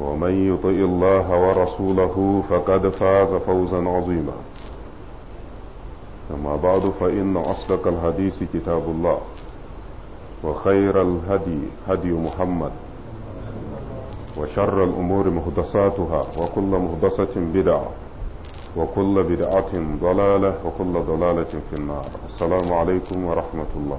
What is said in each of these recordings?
ومن يطع الله ورسوله فقد فاز فوزا عظيما أما بعد فإن أصدق الحديث كتاب الله وخير الهدي هدي محمد وشر الأمور محدثاتها وكل محدثة بدعة وكل بدعة ضلالة وكل ضلالة في النار السلام عليكم ورحمة الله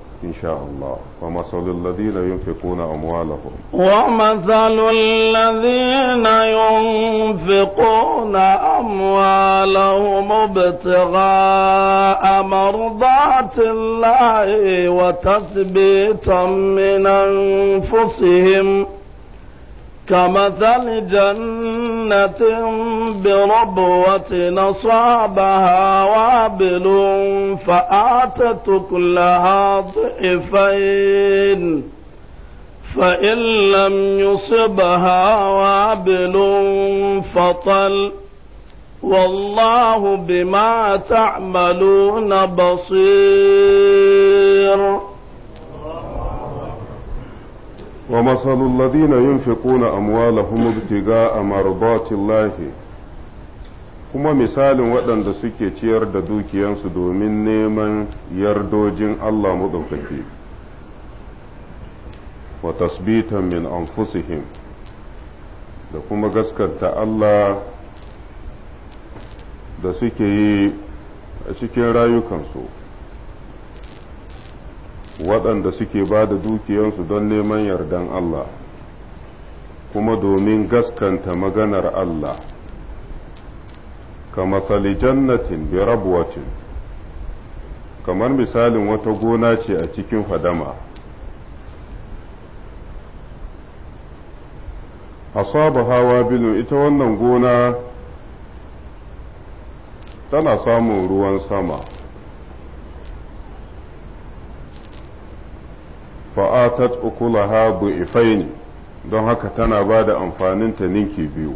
إن شاء الله ومثل الذين ينفقون أموالهم ومثل الذين ينفقون أموالهم ابتغاء مرضات الله وتثبيتا من أنفسهم كمثل جنة بربوة نصابها وابل فآتت كلها ضعفين فإن لم يصبها وابل فطل والله بما تعملون بصير ومثل الذين ينفقون أموالهم ابتغاء مرضات الله kuma misalin waɗanda suke ciyar da dukiyansu domin neman yardojin Allah maɗaukaki wa tasbitan min anfusihim da kuma gaskanta Allah da suke yi a cikin rayukansu waɗanda suke ba da dukiyansu don neman yardan Allah kuma domin gaskanta maganar Allah ka matsali jannatin bi rabuwacin kamar misalin wata gona ce a cikin fadama A saba hawa bilu ita wannan gona tana samun ruwan sama fa'atat ukulaha ne don haka tana ba da amfaninta ninki biyu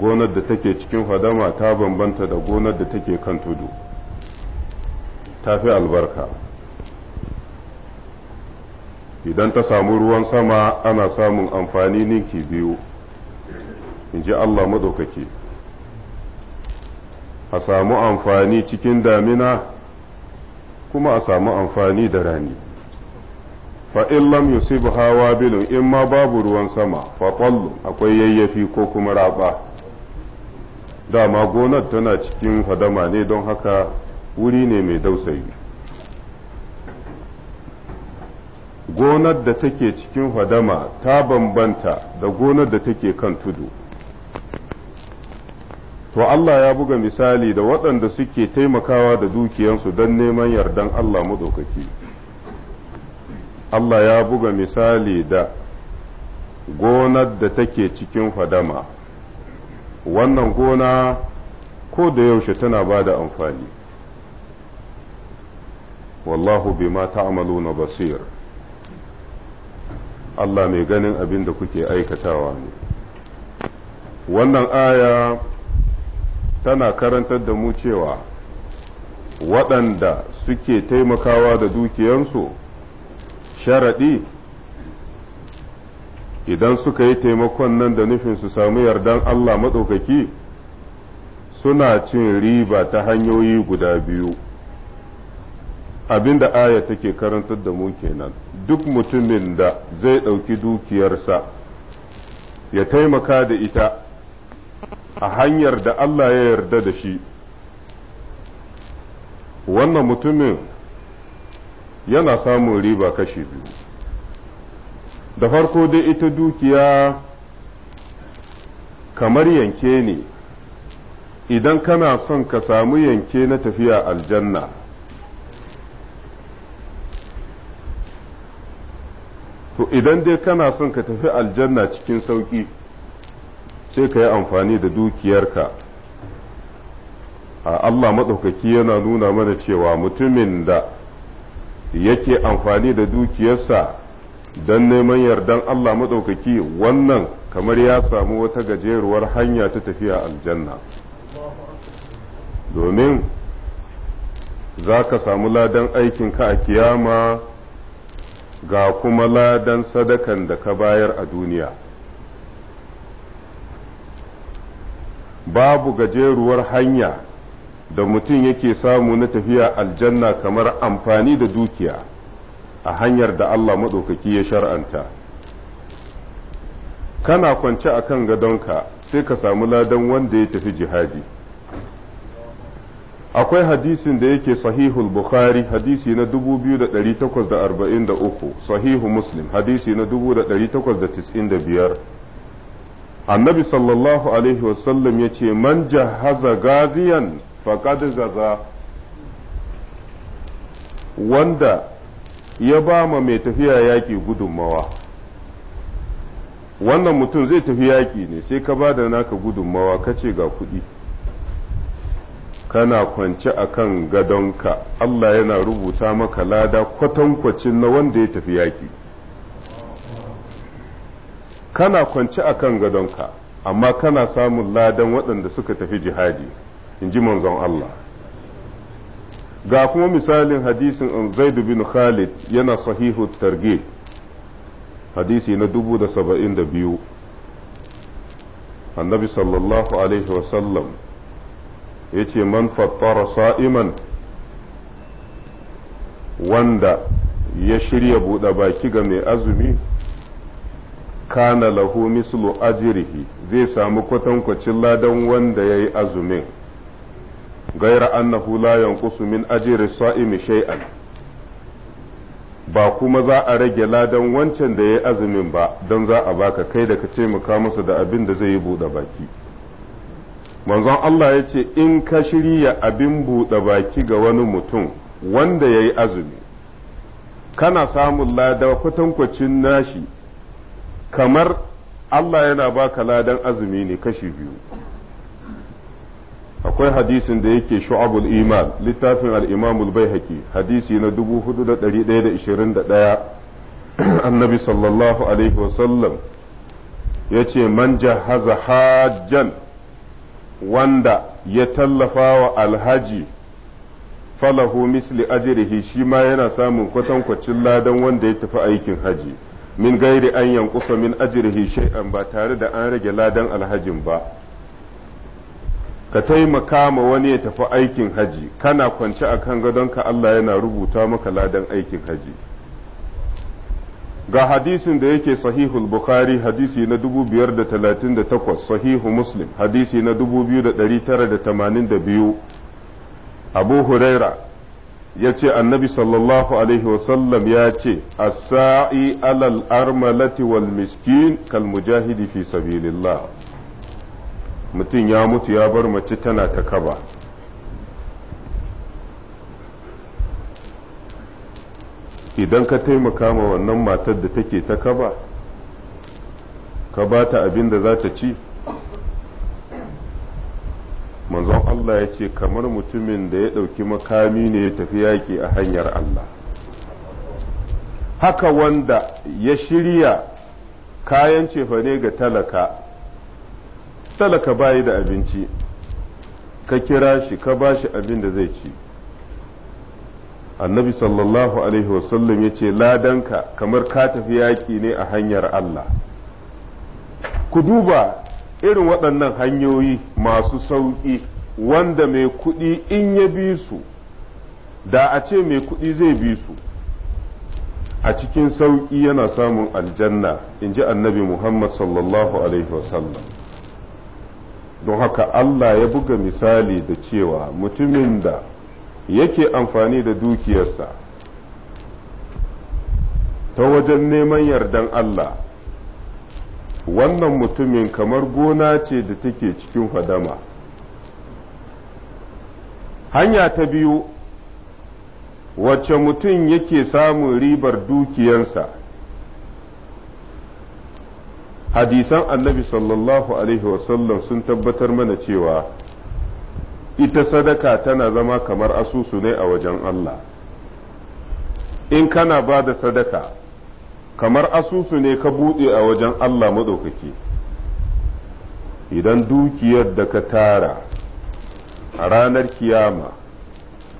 gonar da take cikin fadama ta bambanta da gonar da take kan tudu ta fi albarka idan ta samu ruwan sama ana samun amfani ninki biyu in ji Allah maɗaukaki a samu amfani cikin damina kuma a samu amfani da rani fa in lam yusibu hawa bilin in ma babu ruwan sama fa qallu akwai yayyafi ko kuma raba dama gonar tana cikin fadama ne don haka wuri ne mai dausayi gonar da take cikin fadama ta bambanta da gonar da take kan tudu to Allah ya buga misali da waɗanda suke taimakawa da dukiyansu don neman yardan Allah maɗaukaki Allah ya buga misali da gonar da take cikin fadama wannan gona ko da yaushe tana ba da amfani wallahu bima na basir Allah mai ganin abin da kuke aikatawa ne wannan aya tana karantar da mu cewa waɗanda suke taimakawa da dukiyansu sharaɗi idan suka yi taimakon nan da nufin su samu yardan Allah maɗaukaki suna cin riba ta hanyoyi guda biyu abinda aya take karantar da mu kenan duk mutumin da zai ɗauki dukiyarsa ya taimaka da ita a hanyar da Allah ya yarda da shi wannan mutumin yana samun riba kashi biyu da farko dai ita dukiya kamar yanke ne idan kana son ka samu yanke na tafiya aljanna to idan dai kana son ka tafi aljanna cikin sauƙi sai ka yi amfani da dukiyarka a Allah maɗaukaki yana nuna mana cewa mutumin da yake amfani da dukiyarsa don neman yardan Allah maɗaukaki wannan kamar ya samu wata gajeruwar hanya ta tafiya aljanna domin za ka samu ladan aikinka a kiyama ga kuma ladan sadakan da ka bayar a duniya babu gajeruwar hanya da mutum yake samu na tafiya aljanna kamar amfani da dukiya a hanyar da Allah maɗaukaki ya shar'anta kana kwance a kan gadonka sai ka samu ladan wanda ya tafi jihadi akwai hadisin da yake sahihul bukhari hadisi na 2843 sahihu muslim hadisi na biyar. annabi sallallahu alaihi wasallam ya ce man jahaza gaziyan faƙad gaza wanda ya ba ma mai tafiya yaƙi gudunmawa wannan mutum zai tafi yaƙi ne sai ka ba da naka gudunmawa ka ce ga kuɗi kana kwance a kan gadonka Allah yana rubuta maka lada kwatankwacin na wanda ya tafi yaƙi kana kwance a kan gadonka amma kana samun ladan waɗanda suka tafi jihadi in ji manzon Allah ga kuma misalin hadisin zaidu bin khalid yana sahihu targe hadisi na dubu da saba'in da biyu annabi sallallahu alaihi wasallam ya ce man fattara sa'iman wanda ya shirya buɗe baki ga mai azumi kana lahu mislu ajrihi zai samu kwatankwacin ladan wanda yayi azumin gaira annahu la yanqusu min ajri sa'imi shay'an ba kuma za a rage ladan wancan da yayi azumin ba don za a baka kai da ka taimaka masa da abin da zai yi buɗe baki manzon Allah ya ce in ka shirya abin buɗe baki ga wani mutum wanda yayi azumi kana samun lada kwatankwacin nashi kamar Allah yana baka ladan azumi ne kashi biyu akwai hadisin da yake shu'abul iman littafin al-imamul baihaqi hadisi na 4121 annabi sallallahu alaihi wasallam ya ce man jahaza hajjan wanda ya tallafa wa alhaji falahu misli ajrihi shi ma yana samun kwatankwacin ladan wanda ya tafi aikin haji min gairi an yankusa min ajiye shay'an ba tare da an rage ladan alhajin ba ka taimaka ma wani ya tafi aikin haji kana kwance a kan ka Allah yana rubuta maka ladan aikin haji ga hadisin da yake sahihul bukhari hadisi na 538 sahihu muslim hadisi na 2982 abu huraira ya ce annabi sallallahu alaihi wasallam ya ce a sai alal armalati wal miskin kal mujahidi fi sabilillah mutum ya mutu ya bar mace tana ta kaba idan ka taimaka ma wannan matar da take ta kaba ka ba ta abin da za ta ci manzon Allah ya ce kamar mutumin da ya ɗauki makami ne ya tafi yaƙi a hanyar Allah haka wanda ya shirya kayan cefane ga talaka talaka bayi da abinci ka kira shi ka ba shi abin da zai ci annabi sallallahu alaihi wasallam ya ce ladanka kamar ka tafi yaƙi ne a hanyar Allah ku duba irin waɗannan hanyoyi masu sauƙi wanda mai kuɗi in ya bi su da a ce mai kuɗi zai bi su a cikin sauƙi yana samun aljanna in ji annabi muhammad sallallahu alaihi wasallam don haka allah ya buga misali da cewa mutumin da yake amfani da dukiyarsa ta wajen neman yardan allah wannan mutumin kamar gona ce da take cikin fadama hanya ta biyu wacce mutum yake samun ribar dukiyansa hadisan annabi sallallahu alaihi wasallam sun tabbatar mana cewa ita sadaka tana zama kamar asusu ne a wajen Allah in kana ba da sadaka kamar asusu ne ka buɗe a wajen Allah maɗaukaki idan dukiyar da ka tara a ranar kiyama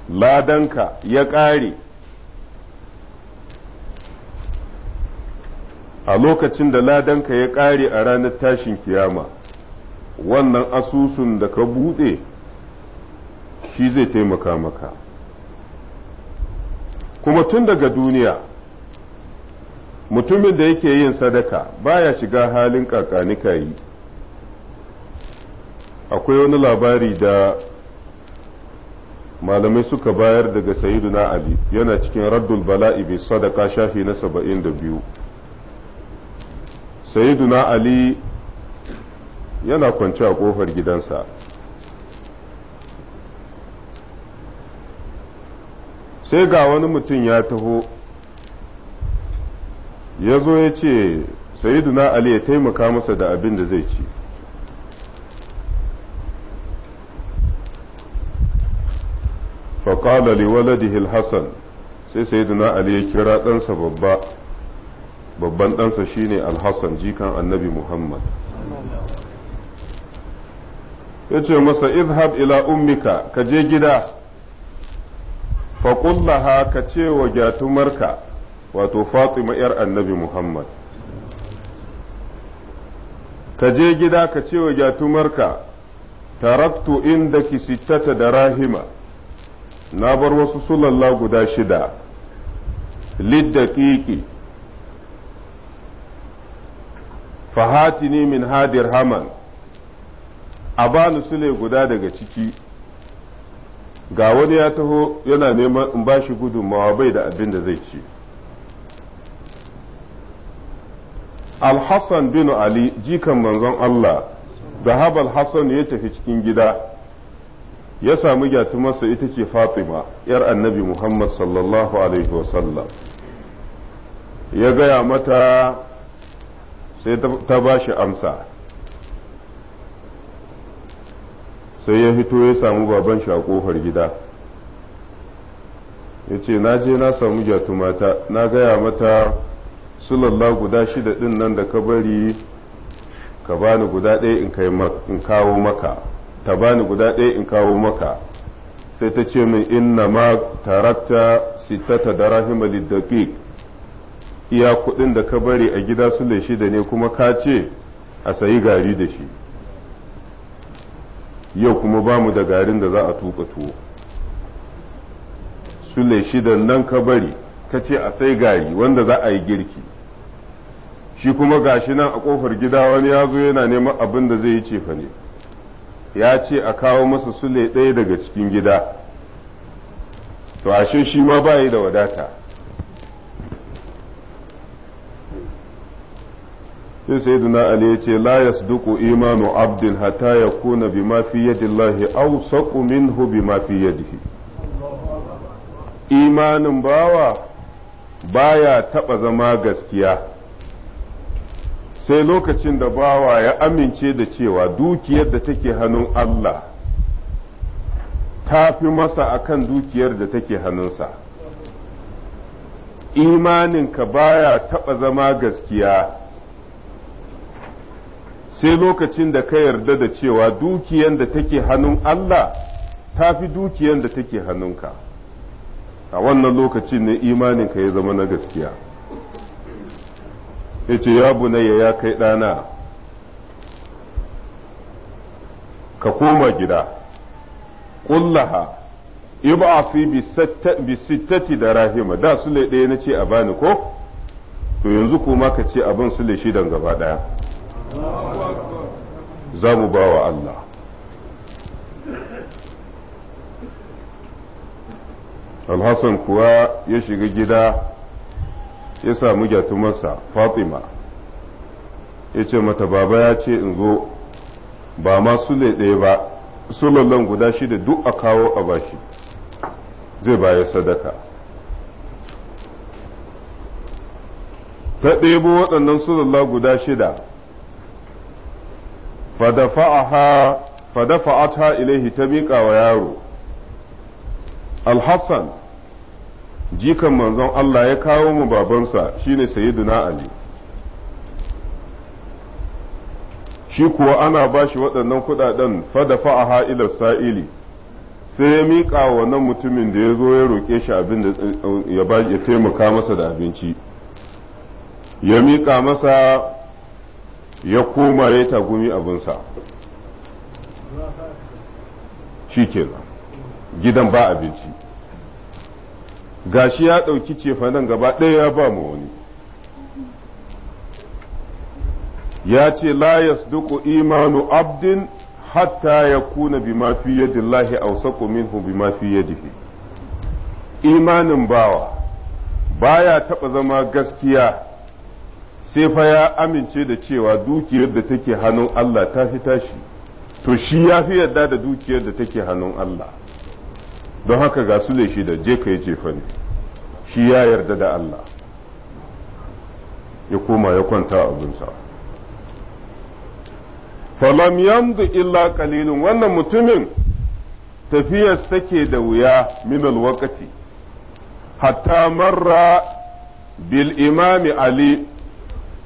ladanka ya ƙare a lokacin da ladanka ya ƙare a ranar tashin kiyama wannan asusun da ka buɗe shi zai taimaka maka kuma tun daga duniya mutumin da yake yin sadaka baya shiga halin kakani yi akwai wani labari da malamai suka bayar daga sayyiduna ali yana cikin raddul bala'i bi sadaka shafi na saba'in da biyu sayyiduna ali yana kwance a ƙofar gidansa sai ga wani mutum ya taho ya zo ya ce sayiduna ali ya taimaka masa da abin da zai ci faƙala liwaladihi hasan sai sayiduna ali ya kira ɗansa babba babban ɗansa shine alhassan jikan annabi muhammad ya ce masa idhab ila ummika ka je gida faƙullaha ka ce wa gyatumarka wato fatima yar annabi muhammad ka je gida ka ce wa gyatumarka taraktu inda ki sittata da rahima na bar wasu sulalla guda shida liddaƙiƙi fahatini min hadir haman a bani sule guda daga ciki ga wani ya taho yana neman in bashi shi gudunmawa bai da abin da zai ci al-hassan bin ali jikan manzon Allah da habal hassan ya tafi cikin gida ya samu gyatumarsa ita ce fatima yar annabi muhammad sallallahu alaihi wasallam ya gaya mata sai ta ba shi amsa sai ya fito ya samu baban shi a kofar gida yace ce na je na samu gyatumata na gaya mata sulalla guda shida ɗin nan da ka bari ka bani guda ɗaya in kawo maka ta bani guda ɗaya in kawo maka sai ta ce min inna ma tarakta sitata da rahima liddaƙiƙ iya kuɗin da ka bari a gida sule shida ne kuma ka ce a sayi gari da shi yau kuma ba mu da garin da za a tuka tuwo sule shida nan ka bari ka ce a sai gari wanda za a yi girki shi kuma gashi nan a ƙofar gida wani ya zo yana neman abin da zai yi cefa ne ya ce a kawo masa sule ɗaya daga cikin gida to ashe shi ma ba yi da wadata sai sai duna ali ya ce la yasduqu imanu abdin hatta kuna bima fi yadillahi aw saqu minhu bima fi imanin bawa baya taɓa zama gaskiya sai lokacin da bawa ya amince da cewa dukiyar da take hannun Allah ta fi masa akan dukiyar da take hannunsa imaninka baya taɓa zama gaskiya sai lokacin da ka yarda da cewa dukiyar da take hannun Allah ta fi dukiyar da take hannunka a wannan lokacin ne imaninka ya zama na gaskiya yace ce ya bunayya ya kai ɗana ka koma gida ƙullaha ib'asi bi sittati da rahima da su ɗaya na ce a bani ko to yanzu kuma ka ce abin sule shidan gaba ɗaya za mu ba wa Allah alhassan kuwa ya shiga gida ya samu gyatumarsa fatima ya ce mata baba ya ce in zo ba ma sule ɗaya ba sulallan guda shida duk a kawo a bashi zai baya sadaka ta ɗebo waɗannan sulalla guda shida fadafa'ata ilaihi ta miƙa wa yaro alhassan jikan manzon Allah ya kawo mu babansa shine sayyiduna Ali shi kuwa ana ba shi waɗannan kuɗaɗen fada a ha'ilar sa'ili sai ya miƙa wannan mutumin da ya zo ya roƙe shi abin da ya taimaka masa da abinci ya miƙa masa ya koma ya tagumi abinsa shi ke gidan ba abinci gashi ya ɗauki cefanen gaba ɗaya ya ba mu wani ya ce la yasduqu imanu abdin hatta ya kuna bima fi yadillahi awsaqu minhu bima fi yadihi imanin bawa baya taɓa zama gaskiya sai fa ya amince da cewa dukiyar da take hannun Allah ta fi tashi to shi ya fi yadda da dukiyar da take hannun Allah don haka ga su da shi da je ka yi cefa ne shi ya yarda da Allah ya koma ya kwanta abinsa falam yamdu illa qalilun wannan mutumin tafiyar take da wuya min alwaqati hatta marra bil imami ali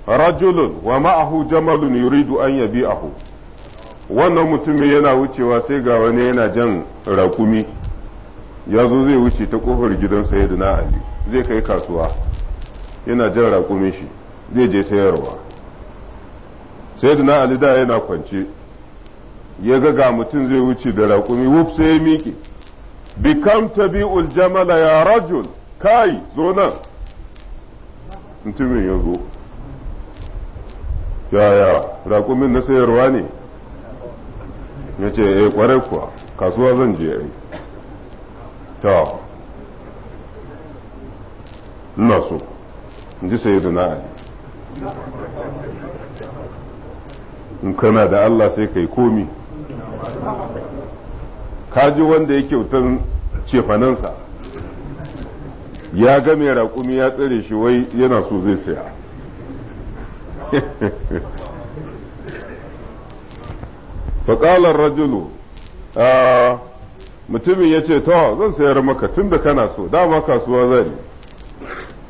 rajulun wa ma'ahu jamalun yuridu an yabi'ahu wannan mutumin yana wucewa sai ga wani yana jan rakumi ya zo zai wuce ta kofar gidan na ali zai kai kasuwa yana jan raƙumin shi zai je sayarwa na ali da yana kwance ya ga ga mutum zai wuce da raƙumi wuf sai ya miƙe bikam bi jamala ya rajul kai zo nan mutumin ya zo yaya raƙumin na sayarwa ne ya ce eh kwarai kuwa kasuwa zan je yi to ina so in ji sai da in kana da Allah sai kai komi kaji wanda ya kyautan cefanansa ya ga mai raƙumi ya tsare shi wai yana so zai saya faƙalar rajulu ah, mutumin ya ce to zan sayar maka tun da kana so dama kasuwa zari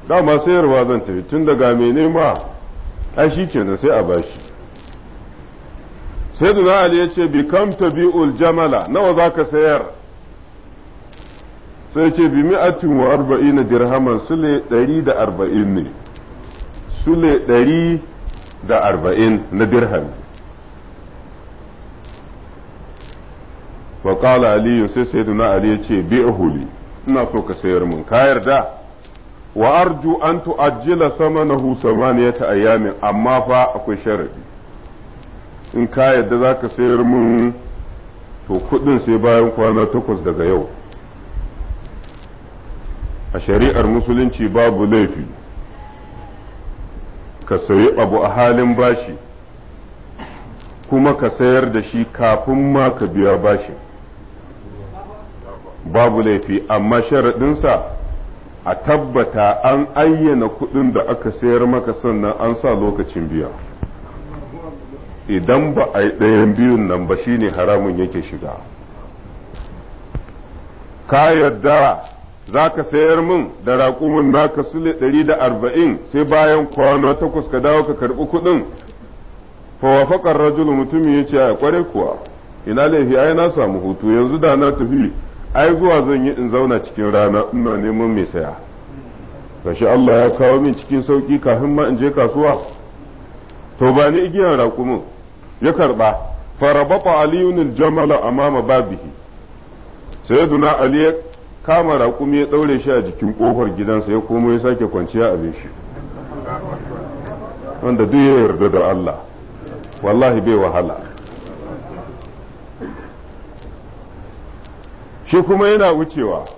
dama sayarwa zan tafi tun da ga mene ma ai shi kenan sai a bashi sai duna ali ya ce bi kam tabi'ul jamala nawa za ka sayar sai ce bi mi'atin wa arba'ina dirhaman sule ɗari da arba'in ne sule ɗari da arba'in na dirhami fa qala ali sai sayyiduna ali yace bi'hu li ina so ka sayar mun ka yarda sama na an tu'ajjila ya samaniyata ayamin amma fa akwai sharadi in ka yarda ka sayar mun to kuɗin sai bayan kwana takwas daga yau a shari'ar musulunci babu laifi ka sayi abu a halin bashi kuma ka sayar da shi kafin ma ka biya bashin babu laifi amma sharaɗinsa a tabbata an ayyana kuɗin da aka sayar maka sannan an sa lokacin biya idan ba a yi ɗayan biyun nan ba shine haramun yake shiga ka yarda za ka sayar min da raƙumin naka sule ɗari da arba'in sai bayan kwana takwas ka dawo ka karɓi kuɗin fawafaƙar rajulu mutumin ya ce a kware kuwa ina laifi ai na samu hutu yanzu da na tafi ai zuwa zan yi in zauna cikin rana ina neman mai saya gashi Allah ya kawo min cikin sauki kafin ma in je kasuwa to ba ni igiyar raƙumin ya karba farabata aliyun jamala amama babihi sayyiduna ali ya kama raƙumi ya ɗaure shi a jikin ƙofar gidansa ya komo ya sake kwanciya abin shi wanda duk ya yarda da Allah wallahi bai wahala shi kuma yana wucewa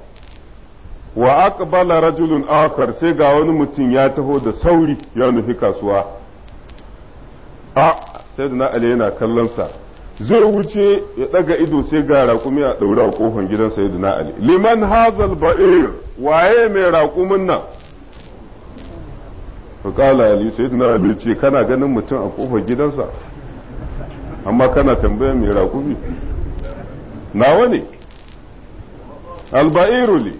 wa aqbala rajulun akar sai ga wani mutum ya taho da sauri ya nufi kasuwa a sai da ali yana kallon sa zai wuce ya daga ido sai ga raƙumi a ɗaura a ƙofan gidan da ali liman hazal ba'ir waye mai raƙumin nan faƙala ali sayyidina ali ce kana ganin mutum a kofar gidansa amma kana tambayar mai raƙumi nawa ne alba'iru li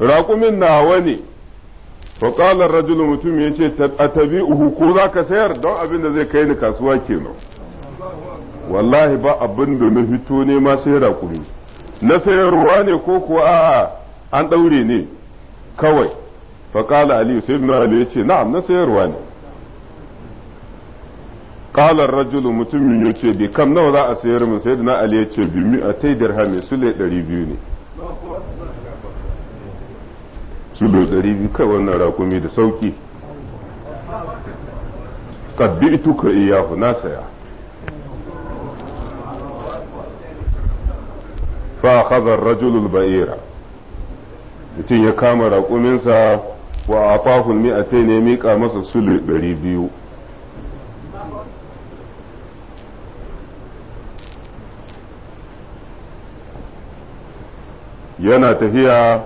raƙumin nawa ne faƙalar rajulun mutum ya ce a tabi'uhu ko za ka sayar don abin da zai kai ni kasuwa kenan wallahi ba abin da na fito ne ma sai raƙumi na sayarwa ne ko kuwa an ɗaure ne kawai faƙala aliyu sai na aliyu ya ce na'am na sayarwa ne kalar rajulu mutumin ya ce bi kam nawa za a sayar mu sai na ali ya ce bi mi a tai su sule ɗari biyu ne su sule ɗari biyu kai wannan rakumi da sauki ka yi iyahu na saya fa akhadha ar-rajulu baira mutum ya kama raƙuminsa wa a afahu mi'atai ne miƙa masa su sulu ɗari biyu yana tafiya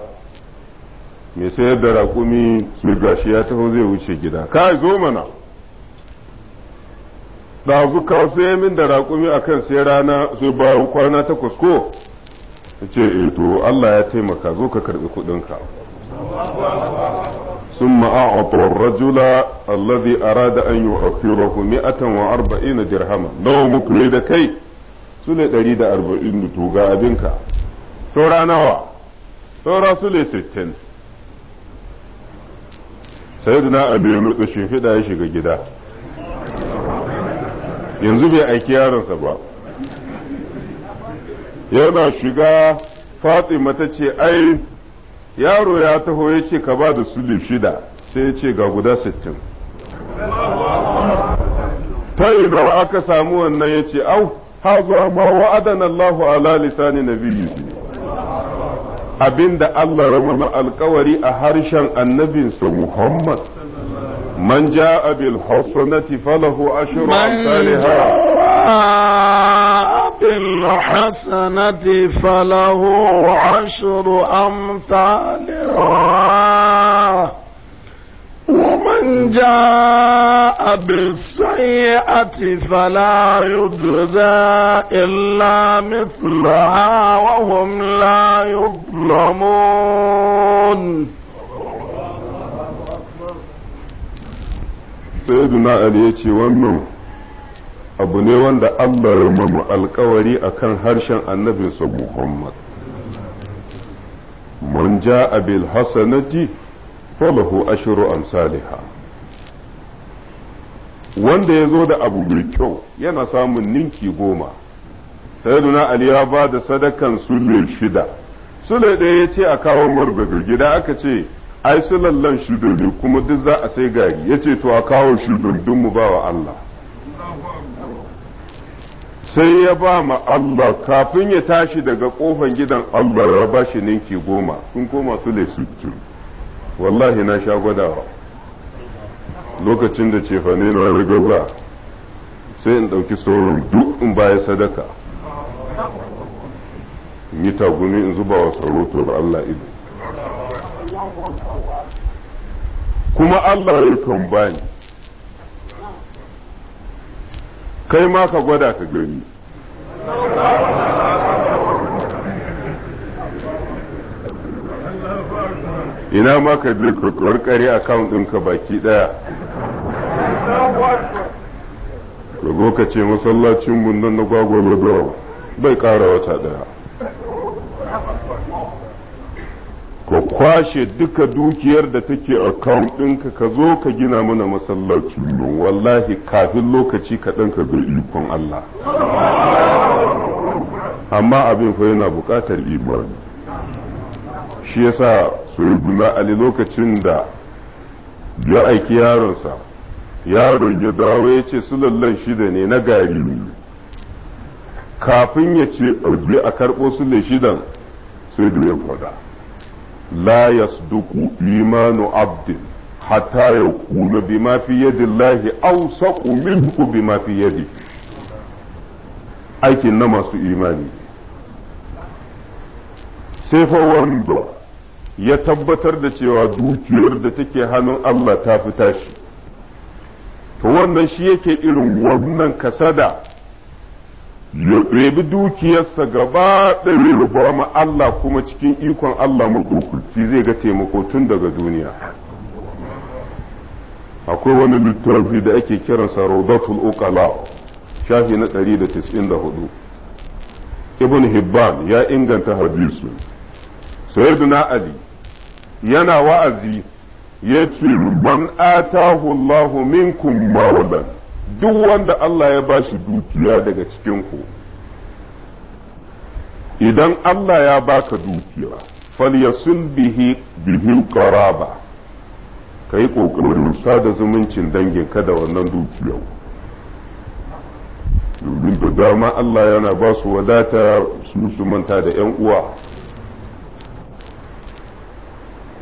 mai sayar da rakumi mai gashi ya taho zai wuce gida kai zo mana da ku kawo sai min da rakumi a kan sai rana sai bayan kwana takwas ko ta ce e Allah ya taimaka zo ka karɓi kuɗinka sun ma'a'atu rajula allazi arada an yi wa fi rahu mi'atan wa arba'ina dirhama nawa muku ne da kai su ne ɗari da arba'in da tuga abinka saura nawa saura su ne sittin sai duna abu ya murɗa fiɗa ya shiga gida yanzu bai aiki yaronsa ba yana shiga fatima ta ce ai yaro ya taho ya ce ka ba da sulif shida sai ya ce ga guda sittin ta ina aka samu wannan ya ce au hazo ma wa'adana Allahu ala lisani nabiyyi abinda Allah ramar alkawari a harshen annabinsa Muhammad man ja'a bil hasanati falahu ashru amsalha bil hasanati falahu ashru amsalha ومن جاء بالسيئة فلا يجزى إلا مثلها وهم لا يظلمون sayyiduna ali ya ce wannan abu ne wanda allah ya mamu alkawari akan harshen annabinsa muhammad man ja abil hasanati falahu ashru amsalha wanda ya zo da abu mai kyau yana samun ninki goma sayyiduna ali ya ba da sadakan sule shida sule ɗaya ya ce a kawo mar daga gida aka ce ai sulallan shida ne kuma duk za a sai gari ya ce to a kawo shida dun mu ba wa Allah sai ya ba ma Allah kafin ya tashi daga kofan gidan Allah ya ba shi ninki goma sun koma sule sittin wallahi na sha gwadawa lokacin da cefane na rigarwa sai in ɗauki sauran duk in baya sadaka in yi taguni in zuba wa sauro Allah ido kuma Allah ya kan bani kai ma ka gwada ka gani ina ma ka karkare account ɗinka baki ɗaya ka zo ka ce masallacin bundan na gwagwagwagwa bai ƙara wata ɗaya ka kwashe duka dukiyar da take akawunt ɗinka ka zo ka gina mana masallaci don wallahi kafin lokaci kaɗan ka ga ikon Allah amma abin fa yana buƙatar imani shi yasa sayyidina ali lokacin da ya aiki yaronsa yaron ya dawo ya ce shi shida ne na gari kafin ya ce ɗauki a karɓo sulle shidan sai da ya kwada la duku limanu abdin hatta ya kula bi ma fi yadi lahi saku min minhu bi ma fi yadi aikin na masu imani sai fa wanda ya tabbatar da cewa dukiyar da take hannun Allah ta fi tashi to wannan shi yake irin wannan kasada ya ɗebi dukiyarsa gaba ɗari ma Allah kuma cikin ikon Allah maɗaukulci zai ga taimako tun daga duniya akwai wani littafi da ake kiransa Raudatul Uqala shafi na da hudu. Ibn Hibban ya inganta hadisin Sayyiduna Ali yana wa'azi ya ce ban atahu Allahu minkum mawlan duk wanda Allah ya bashi dukiya daga cikinku idan Allah ya baka dukiya falyasul bihi bihil qaraba kai kokarin sada zumuncin dangin kada wannan dukiyar domin da dama Allah yana ba su wadata su su manta da 'yan uwa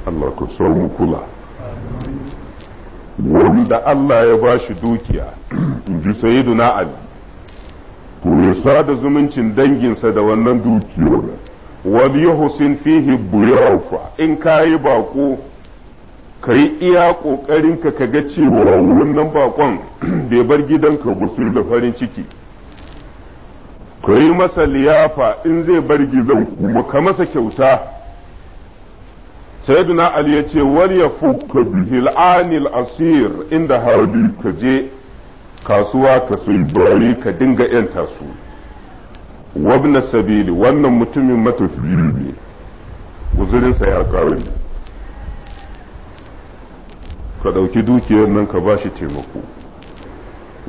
Allah ka mu kula wanda Allah ya ba shi dukiya in ji duna Ali to ya sada zumuncin danginsa da wannan dukiyar wani yahusin fihi buyawfa in ka yi bako ka yi iya ƙoƙarinka ka ga cewa wannan bakon bai bar gidan gidanka su da farin ciki ka yi masa liyafa in zai bar gidan kuma ka masa kyauta sayyiduna ali ya ce war ya fuka bil'anil asir inda harbi ka je kasuwa ka sai ka dinga yanta su wabna sabili wannan mutumin matafiyi ne sa ya ne ka ɗauki dukiyar nan ka bashi taimako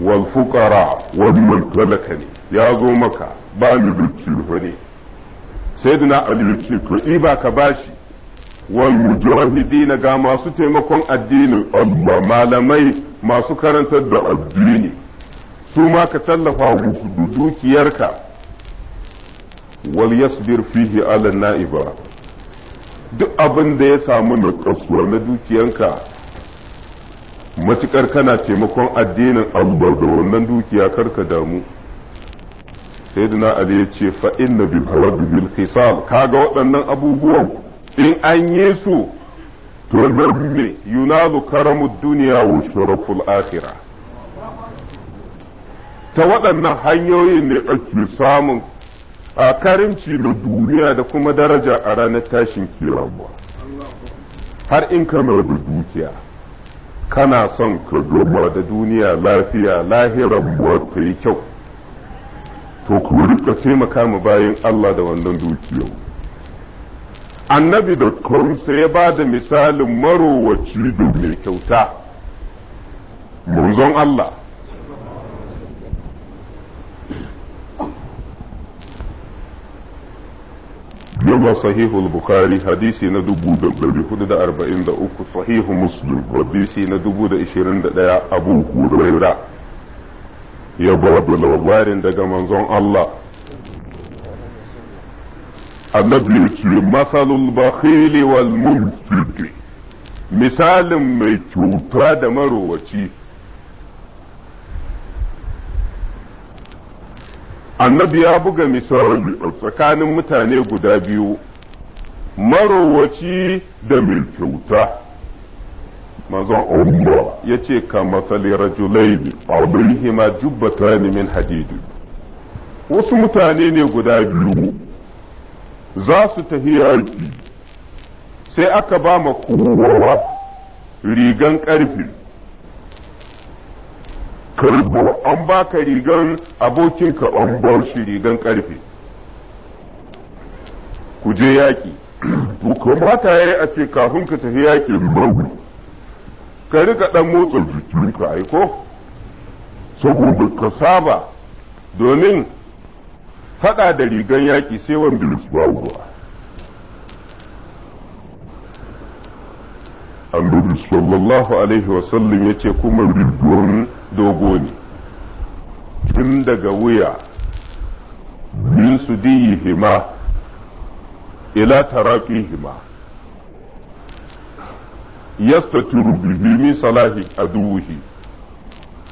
wal fuqara wal talaka ne ya zo maka ba ni dukiyar ne sayyiduna ali ya ce ka ba ka bashi wal mujahidina ga masu taimakon addinin Allah malamai masu karantar da addini su ma ka tallafa dukiyarka wal yasbir fihi ala na'iba duk abin da ya samu na na dukiyanka matukar kana taimakon addinin Allah da wannan dukiya karka damu sayyidina ali ya ce fa inna bi bil khisal kaga waɗannan abubuwan in an yi su to ne yunazu karamu duniya wa sharaful akhirah ta waɗannan hanyoyin ne ake samun a karimci da duniya da kuma daraja a ranar tashin kiyama har in ka da dukiya kana son ka gaba da duniya lafiya lahira ta yi kyau to ku rika taimaka ma bayan Allah da wannan dukiyar annabi da kurum sai ba da misalin marowaci da mai kyauta munzon Allah ba sahihul bukari hadisi na dubu da ɗari hudu da arba'in da uku sahihu muslim hadisi na dubu da ishirin da ɗaya abu hurera yabba da labarin daga manzon Allah annabi ya ce masalul bakhili wal mumfiti misalin mai cuta da marowaci annabi ya buga misali tsakanin mutane guda biyu marowaci da mai kyauta mazan Allah ya ce ka matsali rajulaini abin hima jubbata min wasu mutane ne guda biyu za su tafi yaƙi sai aka ba ma kowa rigan ƙarfi karbo an ba ka rigan abokinka an ba shi rigan ƙarfi ku je yaƙi to kamata ya yi a ce kafin ka tafi yaƙin babu ka rika ɗan motsa jikinka aiko saboda ka saba domin fada da rigan yaƙi sai wani babu ruwa annabi sallallahu alaihi sallam ya ce kuma rigar dogo ne tun daga wuya min su hima ila taraqihima Yasta bihi min salahi aduhi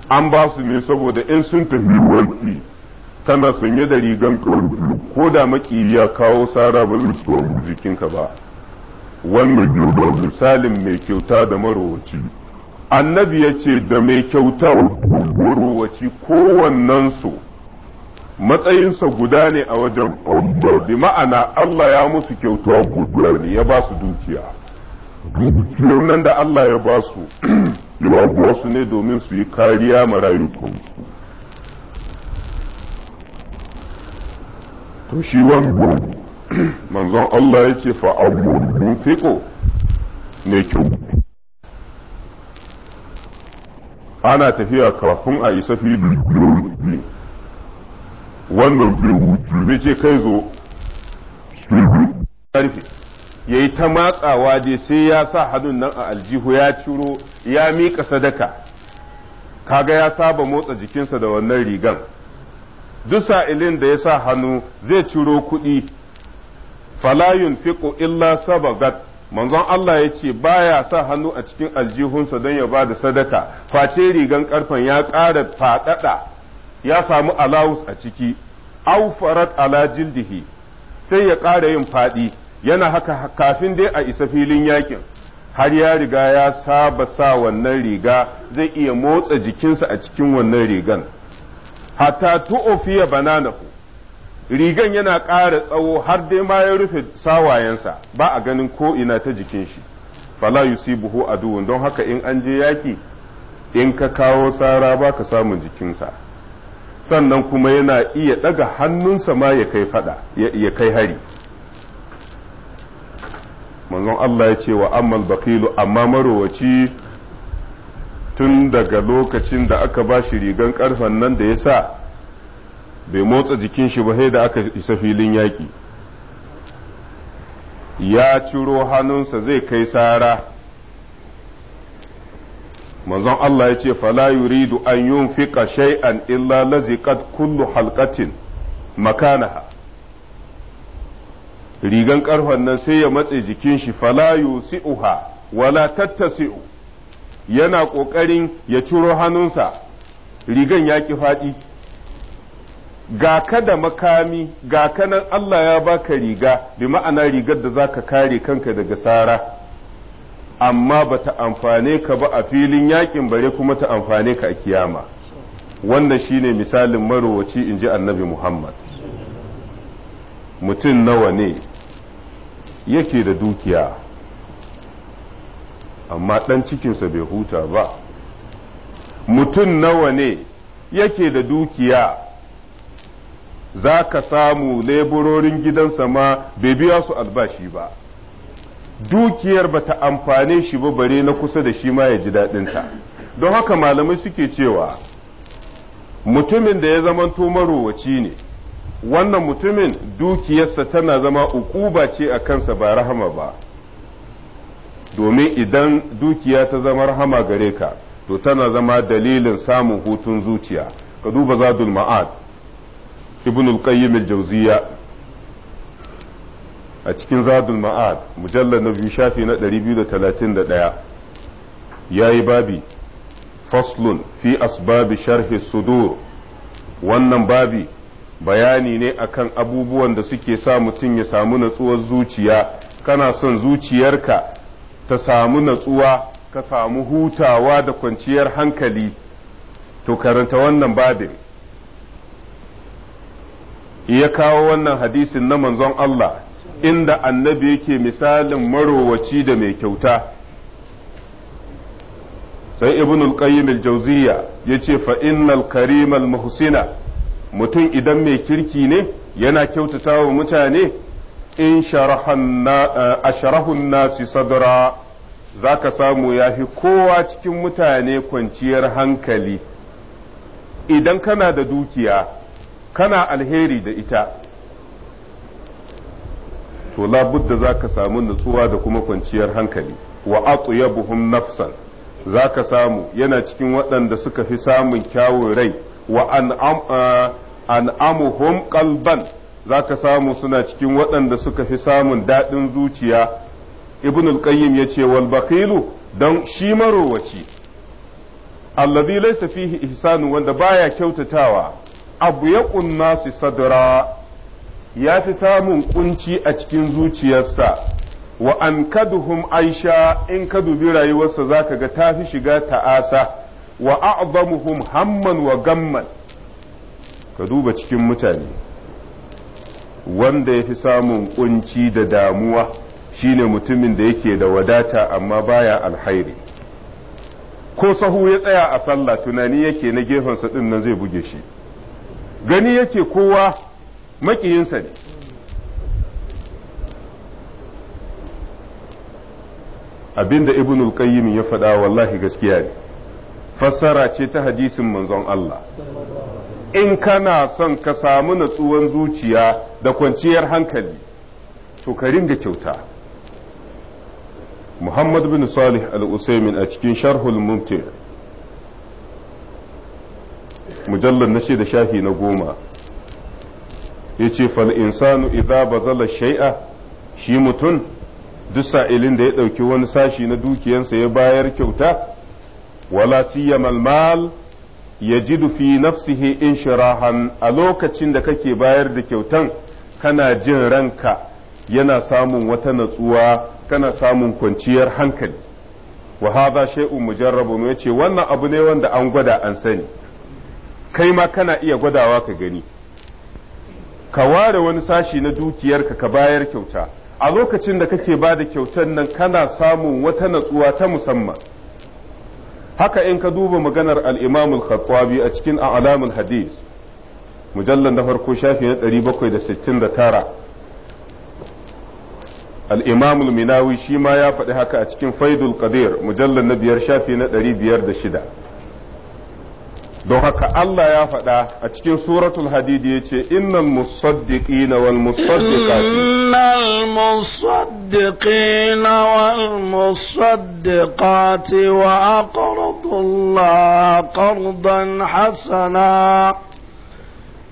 an ba su ne saboda in sun tafi wanki tana sanye da rigan ko da maki ya kawo sara ba zai jikinka ba wannan misalin mai kyauta da marowaci annabi ya ce da mai kyauta marowaci kowannensu matsayinsa guda ne a wajen bi ma'ana Allah ya musu kyauta guda ne ya ba su dukiya nan da Allah ya ba su ya ba su ne domin su yi kariya marayu to shi manzon Allah yake fa abu fiko ne ke ana tafiya kafin a isa fili wannan bai ce kai zo ya yi ta matsawa je sai ya sa hannun nan a aljihu ya ciro ya miƙa sadaka kaga ya saba motsa jikinsa da wannan rigan duk sa'ilin da ya sa hannu zai ciro kuɗi falayun fiƙo illa sabagat manzon Allah ya ce ba ya sa hannu a cikin aljihunsa don ya ba da sadaka face rigan karfen ya ƙara faɗaɗa ya samu alawus a ciki au farat ala jildihi sai ya ƙara yin faɗi yana haka kafin dai a isa filin yakin har ya riga ya saba sa wannan riga zai iya motsa jikinsa a cikin wannan rigan hatta tu'ufiya bananahu rigan yana ƙara tsawo har dai ma ya rufe sawayensa ba a ganin ko ina ta jikin shi fala yusibuhu aduwun don haka in an je yaki in ka kawo sara ba ka samun jikinsa sannan kuma yana iya ɗaga hannunsa ma ya kai fada ya kai hari manzon Allah ya ce wa amal bakilu amma marowaci tun daga lokacin da aka ba shi rigan karfen nan da ya sa bai motsa jikin shi ba sai da aka isa filin yaƙi ya ciro hannunsa zai kai sara manzon Allah ya ce fala yuridu an yunfiqa shay'an illa qad kullu halqatin makanaha rigan karfen nan sai ya matse jikin shi fala yusi'uha wala tattasi'u yana ƙoƙarin ya ciro hannunsa rigan ya ƙi faɗi ga ka da makami ga ka nan Allah ya baka riga bi ma'ana rigar da za ka kare kanka daga sara amma ba ta amfane ka ba a filin yaƙin bare kuma ta amfane ka a kiyama wannan shine misalin marowaci in ji annabi Muhammad mutum nawa ne yake da dukiya amma ɗan cikinsa bai huta ba mutum nawa ne yake da dukiya za ka samu leburorin gidansa ma bai biya su albashi ba dukiyar ba ta amfane shi ba bare na kusa da shi ma ya ji daɗinta don haka malamai suke cewa mutumin da ya zamanto marowaci ne wannan mutumin dukiyarsa tana zama ba ce a kansa ba rahama ba domin idan dukiya ta zama rahama gare ka to tana zama dalilin samun hutun zuciya ka duba zadul ma'ad ibn al-qayyim al-jawziya a cikin zadul ma'ad mujallar na biyu shafi na 231 yayi babi faslun fi asbabi sharhi sudur wannan babi bayani ne akan abubuwan da suke sa mutum ya samu natsuwar zuciya kana son zuciyarka ta samu natsuwa ka samu hutawa da kwanciyar hankali to karanta wannan babin ya kawo wannan hadisin na manzon Allah inda annabi yake misalin marowaci da mai kyauta sai ibn al-qayyim al-jawziya yace fa innal al-muhsina mutum idan mai kirki ne yana kyautatawa mutane in asharahun eh, nasi sadra za ka samu ya fi kowa cikin mutane kwanciyar hankali idan kana da dukiya kana alheri da ita to labudda za ka samu nutsuwa da kuma kwanciyar hankali wa buhun nafsan za ka samu yana cikin waɗanda suka fi samun kyawun rai wa eh, an'amuhum kalban. za ka samu suna cikin waɗanda suka fi samun daɗin zuciya ibn al-qayyim ya ce wal bakilu don shi marowaci allazi laysa fihi ihsanu wanda baya kyautatawa abu ya kunna su sadra ya fi samun ƙunci a cikin zuciyarsa wa an kaduhum aisha in ka dubi rayuwarsa ka ga ta fi shiga ta'asa wa a'zamuhum hamman wa gamman ka duba cikin mutane wanda ya fi samun kunci da damuwa shine mutumin da yake da wadata amma baya alhairi ko sahu ya tsaya a sallah tunani yake na gefensa din nan zai buge shi gani yake kowa makiyinsa ne abinda ibnul qayyim ya faɗa wallahi gaskiya ne fassara ce ta hadisin manzon Allah in kana son ka samu natsuwan zuciya da kwanciyar hankali to ka ringa kyauta muhammad bin salih al-usaimin a cikin sharhul mumtir mujallar na shida shafi na goma ya ce fal'insanu idza bazala shai'a shi mutum duk sa'ilin da ya ɗauki wani sashi na dukiyansa ya bayar kyauta wala siyamal mal ya ji fi nafsihi inshirahan a lokacin da kake bayar da kyautan kana jin ranka yana samun wata natsuwa kana samun kwanciyar hankali wa hadha shay'un mujarrabun yace wannan abu ne wanda an gwada an sani kai ma kana iya gwadawa ka gani ka ware wani sashi na dukiyarka ka bayar kyauta a lokacin da kake ba da kyautar nan kana samun wata natsuwa ta musamman haka in ka duba maganar al-Imam khattabi a cikin A'lamul Hadith mujallar na farko shafi na sittin da tara al-minawi shi ma ya faɗi haka a cikin faidul qadir mujallar na biyar shafi na 506 don haka Allah ya faɗa a cikin suratul hadidi ya ce innal musaddiqina wal musaddiqati innal musaddiqina wal musaddiqati wa aqradu Allah qardan hasana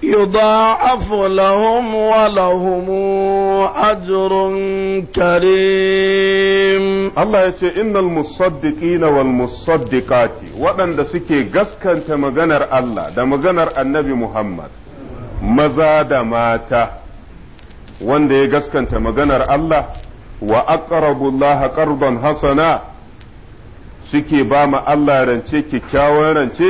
يضاعف لهم ولهم أجر كريم الله يتي إن المصدقين والمصدقات وأن دسكي قسكا تمغنر الله دمغنر النبي محمد مزاد ماتا وأن دي قسكا تمغنر الله وأقرب الله قرضا حسنا suke ba ma Allah rance kyakkyawan rance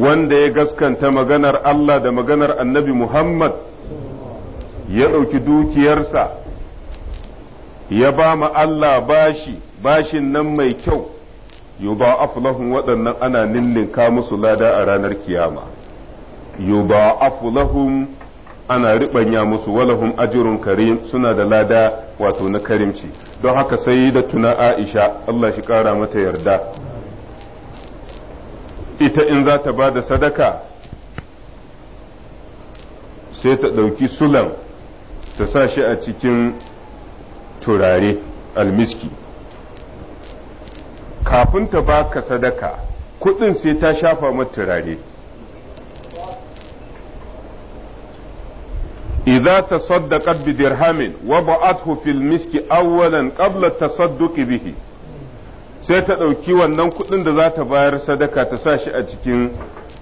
wanda ya gaskanta maganar Allah da maganar annabi Muhammad ya ɗauki dukiyarsa ya ba ma Allah bashi bashin nan mai kyau yudha'af lahum waɗannan ana ninninka musu lada a ranar kiyama yudha'af lahum ana riɓanya musu walahun ajirun karim suna da lada wato na karimci don haka sai da tuna Aisha Allah shi ƙara mata yarda ita in za ta ba da sadaka sai ta ɗauki sulan ta sa shi a cikin turare almiski kafin ta baka sadaka kuɗin sai ta shafa mata turare إذا تصدقت wa ba'athu fil miski awwalan qabla tasadduqi bihi. sai ta ɗauki wannan kuɗin da za ta bayar sadaka ta sa shi a cikin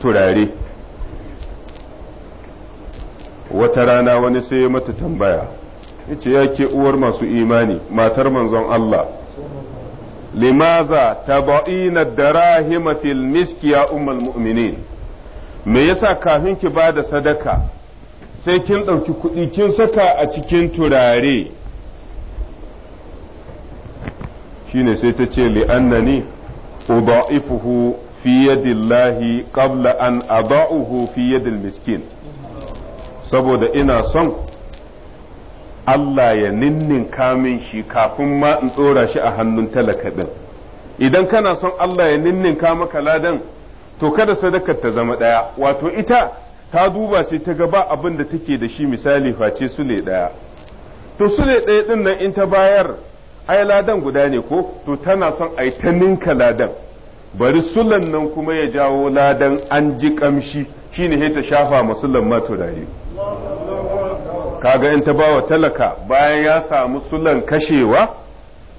turare wata rana wani sai ya mata tambaya ce ya ke uwar masu imani matar manzon Allah limaza taba'ina darahima fil miski ya ummul mu'minin me yasa kafin ki bada sadaka sai kin ɗauki kuɗi kin saka a cikin turare shine sai ta ce li'annani uda'ifuhu fi yadillahi qabla an adha'uhu fi yadil miskin saboda ina son Allah ya ninninka min shi kafin ma in tsora shi a hannun talaka din idan kana son Allah ya ninninka maka ladan to kada sadakar ta zama ɗaya wato ita ta duba sai ta ga ba abin da take da shi misali face sule ɗaya to sule ɗaya ɗinnan nan in ta bayar ai ladan guda ne ko to tana son ai ta ninka ladan bari sulan nan kuma ya jawo ladan an ji kamshi shine sai ta shafa ma sulan dare kaga in ta bawa talaka bayan ya samu sulan kashewa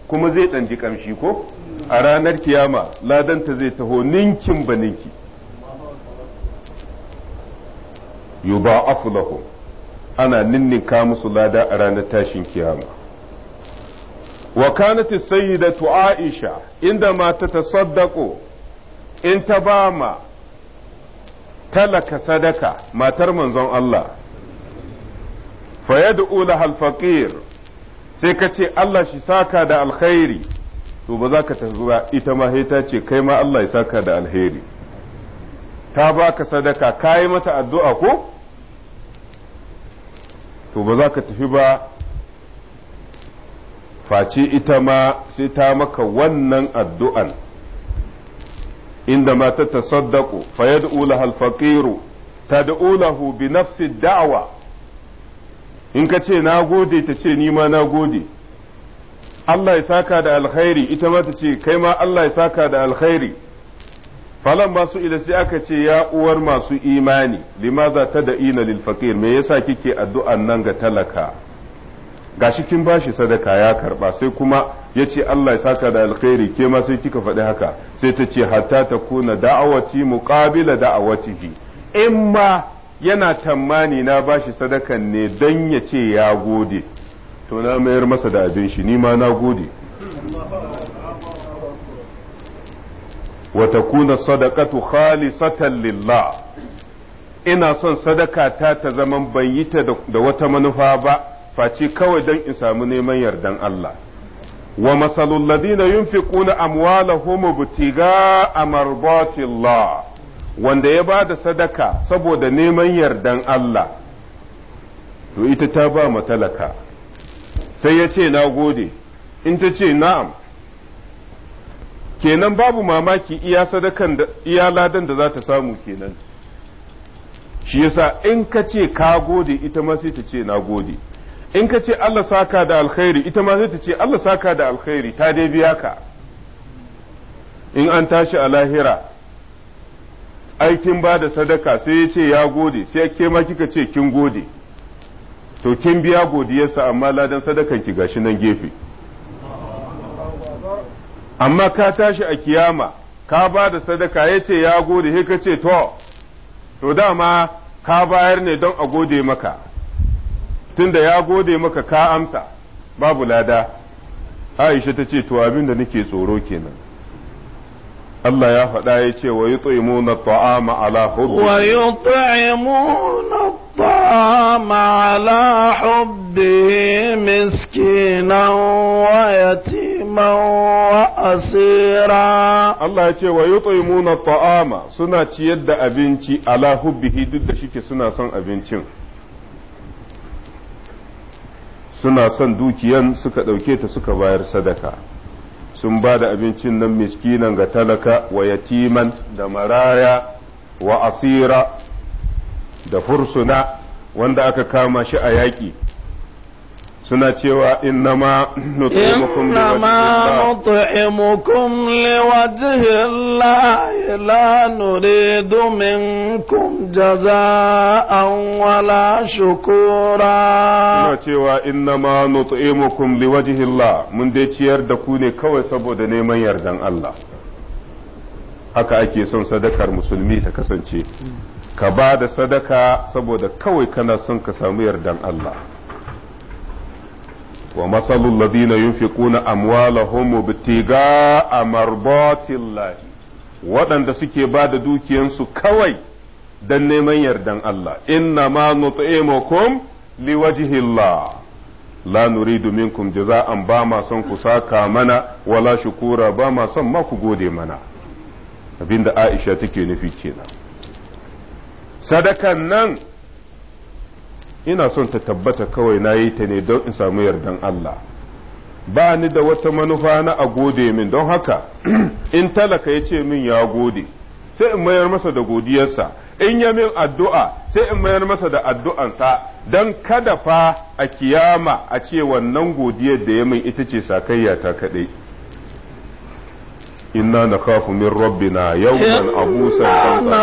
kuma zai dan ji kamshi ko a ranar kiyama ladan ta zai taho ninkin ba ninki yuba afulahu ana ninninka musu lada a ranar tashin kiyama wa kanat sayyidatu aisha inda ma ta tasaddaqo in ta ba ma talaka sadaka matar manzon Allah fa yad'u laha al sai ka ce Allah shi saka da alkhairi to ba za ka tafi ba ita ma ta ce kai ma Allah ya saka da alheri ta baka sadaka kayi mata addu'a ko to ba za ka tafi ba face ita ma sai ta maka wannan addu'an inda ma ta tasaddaku fa yad'u laha al-faqiru bi nafsi da'wa in ka ce na gode ta ce ni ma na gode Allah ya saka da alkhairi ita ma ta ce kai ma Allah ya saka da alkhairi Falon masu ila sai aka ce ya uwar masu imani limaza ta da'ina lil faqir me yasa kike addu'an nan ga talaka ga shi kin bashi sadaka ya karba sai kuma ya ce Allah ya saka da alkhairi ke ma sai kika faɗi haka sai ta ce hatta ta kuna da'awati muqabila da'awatihi in ma yana tammani na bashi sadakan ne dan ya ce ya gode to na mayar masa da abin shi ni ma na gode wa kuna sadaqatu khalisatan lillah ina son sadaka ta ta zaman ban yi ta da wata manufa ba face kawai don in samu neman yardan Allah wa masalul ladina yunfiquna amwalahum ibtiga amarbatillah wanda ya ba da sadaka saboda neman yardan Allah to ita ta ba matalaka sai ya ce na gode in ta ce na'am kenan babu mamaki iya sadakan da iya ladan da za ta samu kenan shi yasa in ka ce ka gode ita ma sai ta ce na gode in ka ce Allah saka da alkhairi ita ma zai ta ce Allah saka da alkhairi ta dai biya ka in an tashi a lahira aikin ba da sadaka sai ya ce ya gode sai ke ma kika ce kin gode to kin biya godiyarsa amma ladan sadakan ki gashi nan gefe amma ka tashi a kiyama ka ba da sadaka ya ce ya gode sai ka ce to to dama ka bayar ne don a gode maka tunda ya gode maka ka amsa babu lada Aisha ta ce to abin da nake tsoro kenan Allah ya faɗa ya ce wa yut'imuna ta'ama ala hubbi wa yut'imuna ta'ama ala hubbi miskinan wa yatima wa asira Allah ya ce wa yut'imuna ta'ama suna ciyar da abinci ala hubbi duk da shike suna son abincin suna son dukiyan suka ɗauke ta suka bayar sadaka sun ba da abincin nan miskinan ga talaka wa yatiman da maraya wa asira da fursuna wanda aka kama shi a yaƙi suna cewa innama nut'imukum liwajhi llahi la nuridu minkum jazaa'an wala shukura suna cewa innama nut'imukum liwajhi Allah mun dai ciyar da ku ne kawai saboda neman yardan Allah haka ake son sadakar musulmi ta kasance ka ba da sadaka saboda kawai kana son ka samu yardan Allah wa الذين ينفقون أموالهم ابتغاء مرضات الله waɗanda suke ba da dukiyansu kawai don neman yardan Allah, inna ma nut'imukum liwajihillah la nuridu minkum jaza'an ba ma son ku saka mana wala shukura ba ma son ma ku gode mana abinda Aisha take nufi kenan sadakan nan ina son ta tabbata kawai na yi ta ne don in samu yardan Allah ba ni da wata manufa na a gode min don haka in talaka ya ce min ya gode sai in mayar masa da godiyarsa in ya min addu'a sai in mayar masa da addu'ansa don kada fa a kiyama a ce wannan godiyar da ya min ita ce sakayya ta kaɗai إنا نخاف من ربنا يوما عبوسا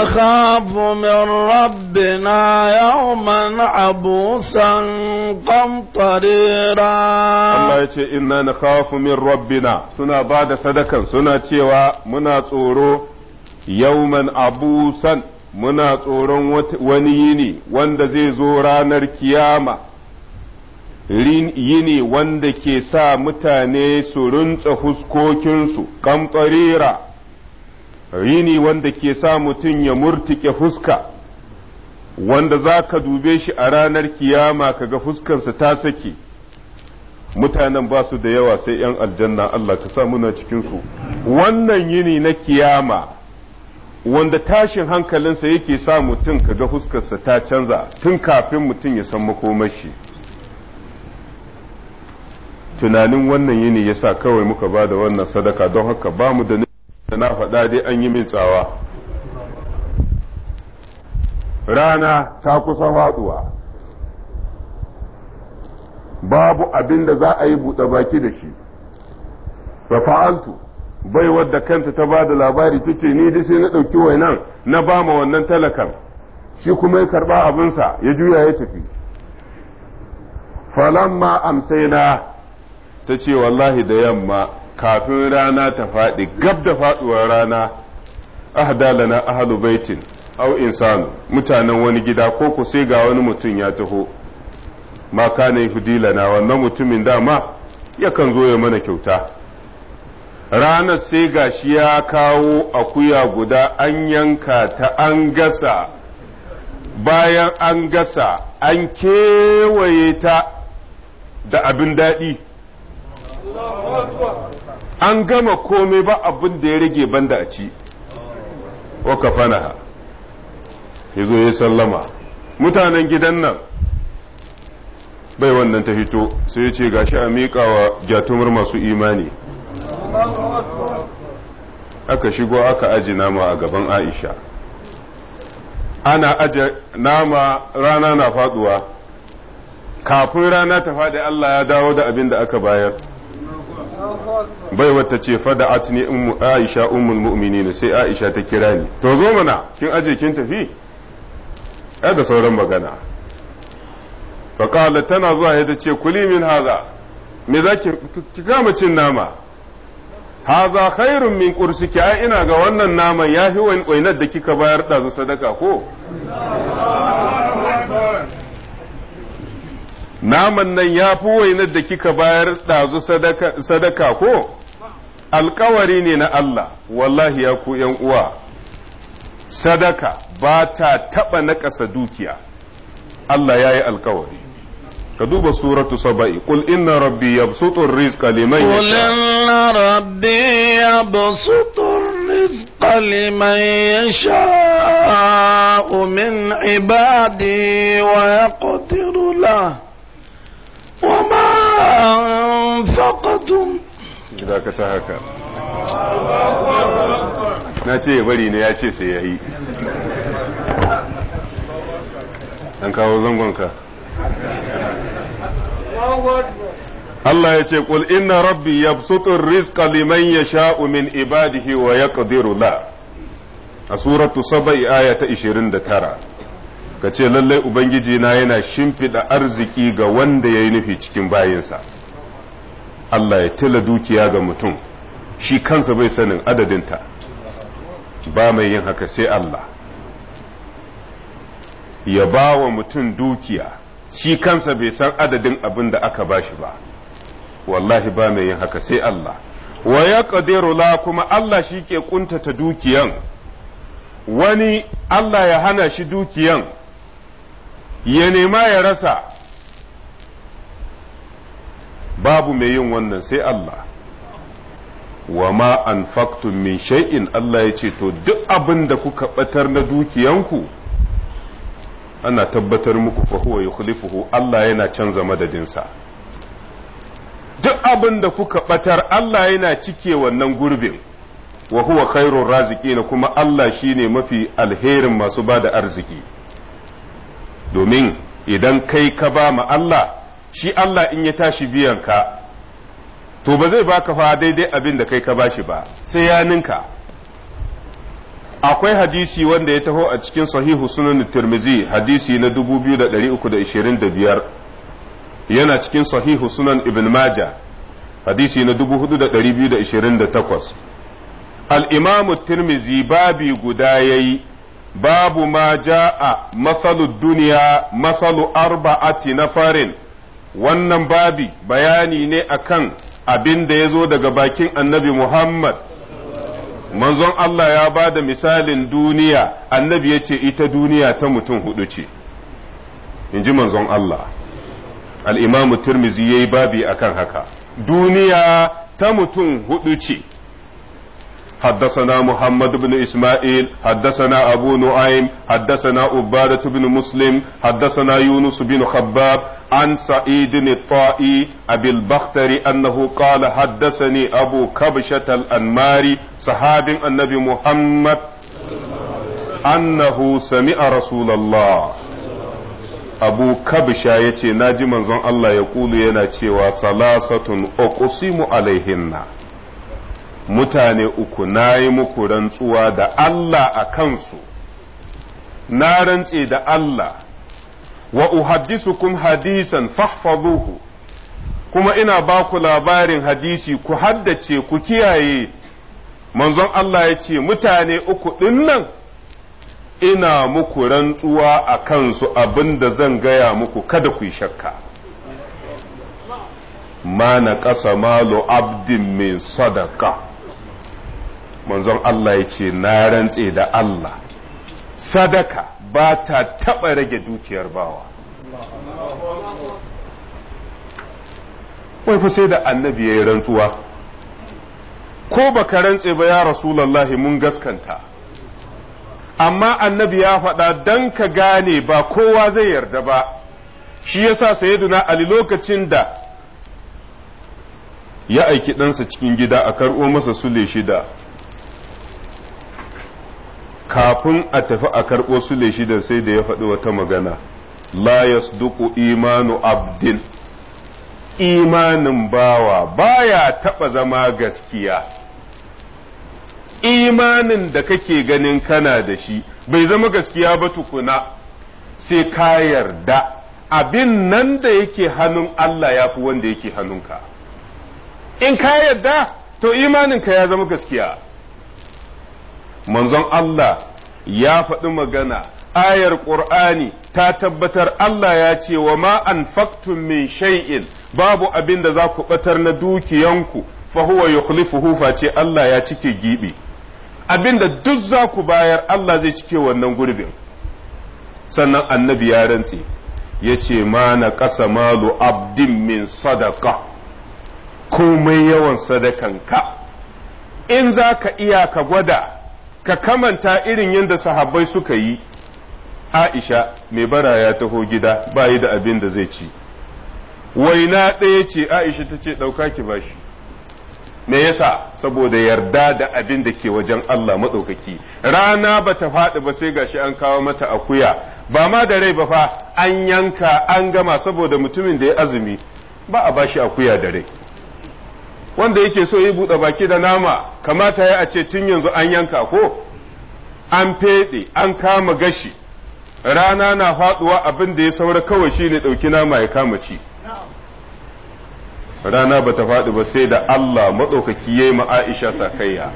قمطريرا نخاف من ربنا يوما عبوسا قمطريرا الله يتي إنا نخاف من ربنا سنة بعد صدقا سنة تيوى منا تورو يوما عبوسا منا تورو ونييني واندزي زي زوران الكيامة yini wanda ke sa mutane su runtsa huskokinsu kamfarira yini wanda ke sa mutum ya murtike fuska wanda za ka dube shi a ranar kiyama kaga fuskansa ta sake mutanen ba su da yawa sai 'yan aljanna Allah ka sa muna cikinsu wannan yini na kiyama wanda tashin hankalinsa yake sa mutum kaga fuskarsa ta canza tun kafin mutum ya san makomashi. shi tunanin wannan yini ya sa kawai muka ba da wannan sadaka don haka ba mu da na faɗa dai an yi min tsawa rana ta kusa faɗuwa babu abin da za a yi buɗe baki da shi ba fa'altu bai wadda kanta ta ba da labari ta ce ni da sai na ɗauki wainan na ba ma wannan talakan shi kuma ya karɓa abinsa ya juya ya tafi falamma amsaina ta ce wallahi da yamma kafin rana ta faɗi gab da faɗuwar rana ahdalana ahlu baitin au insanu mutanen wani gida ko ku sai ga wani mutum ya taho ma kana na wannan mutumin dama yakan zo ya mana kyauta ranar sai ga shi ya kawo akuya guda an yanka ta an gasa bayan an gasa an kewaye ta da abin daɗi an gama komai ba abin da ya rage banda a ci wa kafanaha ya zo ya sallama mutanen gidan nan bai wannan ta fito sai ya ce shi a miƙa wa gyatumar masu imani aka shigo aka aji nama a gaban aisha ana aje nama rana na faduwa kafin rana ta faɗi allah ya dawo da abin da aka bayar bai wata ce fada a tuni aisha mu'mini ne sai aisha ta kira ni to zo mana kin aje kin tafi ai da sauran magana fa qala tana zuwa ya ce kuli min haza me zaki ki kama cin nama haza khairun min qursiki ai ina ga wannan naman yahi wainar da kika bayar da sadaka ko naman nan ya fi wainar da kika bayar ɗazu sadaka ko alkawari ne na Allah wallahi ya ku uwa sadaka ba ta taɓa naƙasa dukiya Allah ya yi alkawari ka duba suratu saba'i qul inna rabbi yabsutu rizqa liman yasha qul inna rabbi yabsutu rizqa liman yasha min ibadi wa yaqdiru lahu وما أنفقتم كذا كتهكا na ce ya bari ne ya ce sai ya yi an kawo zangonka Allah ya ce kul inna rabbi yabsutur rizqa liman sha umin, ibadihi wa yaqdiru la a suratu saba'i aya ta 29 ka ce lallai ubangiji na yana shimfiɗa arziki ga wanda ya yi nufi cikin bayinsa Allah ya tila dukiya ga mutum shi kansa bai sanin adadinta ba mai yin haka sai Allah ya ba wa mutum dukiya shi kansa bai san adadin abin da aka ba shi ba wallahi ba mai yin haka sai Allah wa ya la kuma Allah shi ke ƙuntata dukiyan wani Allah ya hana shi dukiyan ya nema ya rasa babu mai yin wannan sai Allah wa ma an min shay'in Allah ya ce to duk abin da kuka batar na dukiyanku ana tabbatar muku fahuwa ya yukhlifuhu Allah yana canza madadinsa duk abin da kuka batar Allah yana cike wannan gurbin wa huwa khairur na kuma Allah shine mafi alherin masu bada arziki domin idan kai ka ba ma Allah shi Allah in ya tashi biyan ka to ba zai baka fa daidai abin da kai ka bashi ba sai ya ninka akwai hadisi wanda ya taho a cikin sahihu sunan tirmizi hadisi na 2325 yana cikin sahihu sunan ibn maja hadisi na 4228 al-imamu tirmizi babi guda yayi babu ma ja'a masalu duniya masalu arba'ati na farin wannan babi bayani ne akan abin da ya zo daga bakin annabi Muhammad manzon Allah ya ba da misalin duniya annabi ya ce ita duniya ta mutum hudu ce in ji manzon Allah al'imamu turmizi ya yi babi akan haka duniya ta mutum hudu ce حدثنا محمد بن إسماعيل حدثنا أبو نعيم حدثنا عبادة بن مسلم حدثنا يونس بن خباب عن سعيد الطائي أبي البختري أنه قال حدثني أبو كبشة الأنماري صحابي النبي محمد أنه سمع رسول الله abu kabisha ya ce na ji manzon Allah ya kulu yana cewa salasatun uqsimu alaihinna mutane uku na yi muku rantsuwa da Allah a kansu na rantse da Allah wa uhaddisukum hadisan fahfazuhu kuma ina ba ku labarin hadisi ku haddace ku kiyaye manzon Allah ya ce mutane uku ɗinnan ina muku rantsuwa a kansu abin da zan gaya muku kada ku shakka ma na ƙasa malo abdin min sadaka manzon Allah ya ce na rantse da Allah sadaka ba ta taɓa rage dukiyar bawa wai fa sai da annabi ya yi rantsuwa ko baka rantse ba ya rasulallah mun gaskanta amma annabi ya faɗa dan ka gane ba kowa zai yarda ba shi yasa sayyiduna ali lokacin da ya aiki ɗansa cikin gida a karɓo masa sule shida kafin a tafi a karɓo su ne shida sai da ya faɗi wata magana la yasduqu imanu abdin imanin bawa baya taɓa zama gaskiya imanin da kake ganin kana da shi bai zama gaskiya ba tukuna sai ka yarda abin nan da yake hannun Allah ya fi wanda yake hannunka in ka yarda to imaninka ya zama gaskiya manzon Allah ya faɗi magana ayar ƙur'ani ta tabbatar Allah ya ce wa ma anfaqtum min shay'in babu abin da za ku ɓatar na dukiyanku fa huwa yukhlifuhu face Allah ya cike giɓi. abin da duk za ku bayar Allah zai cike wannan gurbin sannan annabi ya rantse ya ce ma na ƙasa malu abdin min sadaka komai yawan sadakan ka. in za ka iya ka gwada ka kamanta irin yadda sahabbai suka yi aisha mai bara ya taho gida bayi da abin da zai ci waina ɗaya ce aisha ta ce ɗauka ki bashi me yasa saboda yarda da abin da ke wajen Allah maɗaukaki rana ba ta faɗi ba sai gashi an kawo mata akuya ba ma da rai ba fa an yanka an gama saboda mutumin da ya azumi ba a bashi akuya da rai wanda yake so yi buɗe baki da nama kamata ya a ce tun yanzu an yanka ko an feɗe an kama gashi rana na faɗuwa abin da ya saura kawai shi ne ɗauki nama ya kama ci rana ba ta faɗi ba sai da Allah maɗaukaki ya yi ma Aisha sakayya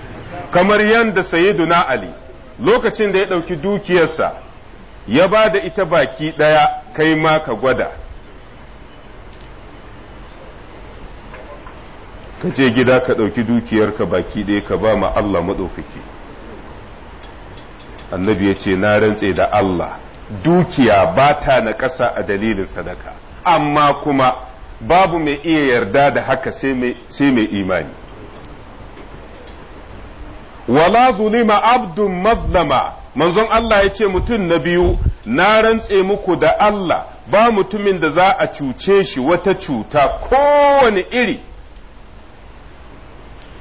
kamar yadda sayyiduna Ali lokacin da ya ɗauki dukiyarsa ya ba da ita baki ɗaya kai ma ka gwada ka je gida ka ɗauki dukiyarka baki ɗaya ka ba ma Allah maɗaukaki annabi ya ce na rantse da Allah dukiya ba ta na ƙasa a dalilin sadaka amma kuma babu mai iya yarda da haka sai mai imani wala zulima abdun mazlama manzon Allah ya ce mutum na biyu na rantse muku da Allah ba mutumin da za a cuce shi wata cuta kowane iri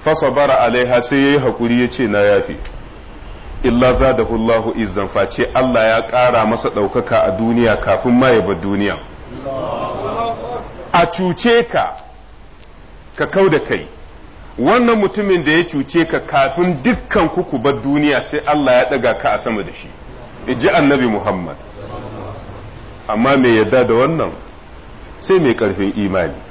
fasabara alaiha sai ya yayi hakuri ce na yafi illa da hullahu izan face Allah ya ƙara masa ɗaukaka a duniya kafin ma ya bar duniya a cuce ka ka kau da kai wannan mutumin da ya cuce ka kafin dukkan ku bar duniya sai Allah ya ɗaga ka a sama da shi ji annabi Muhammad amma mai yadda da wannan sai mai ƙarfin imani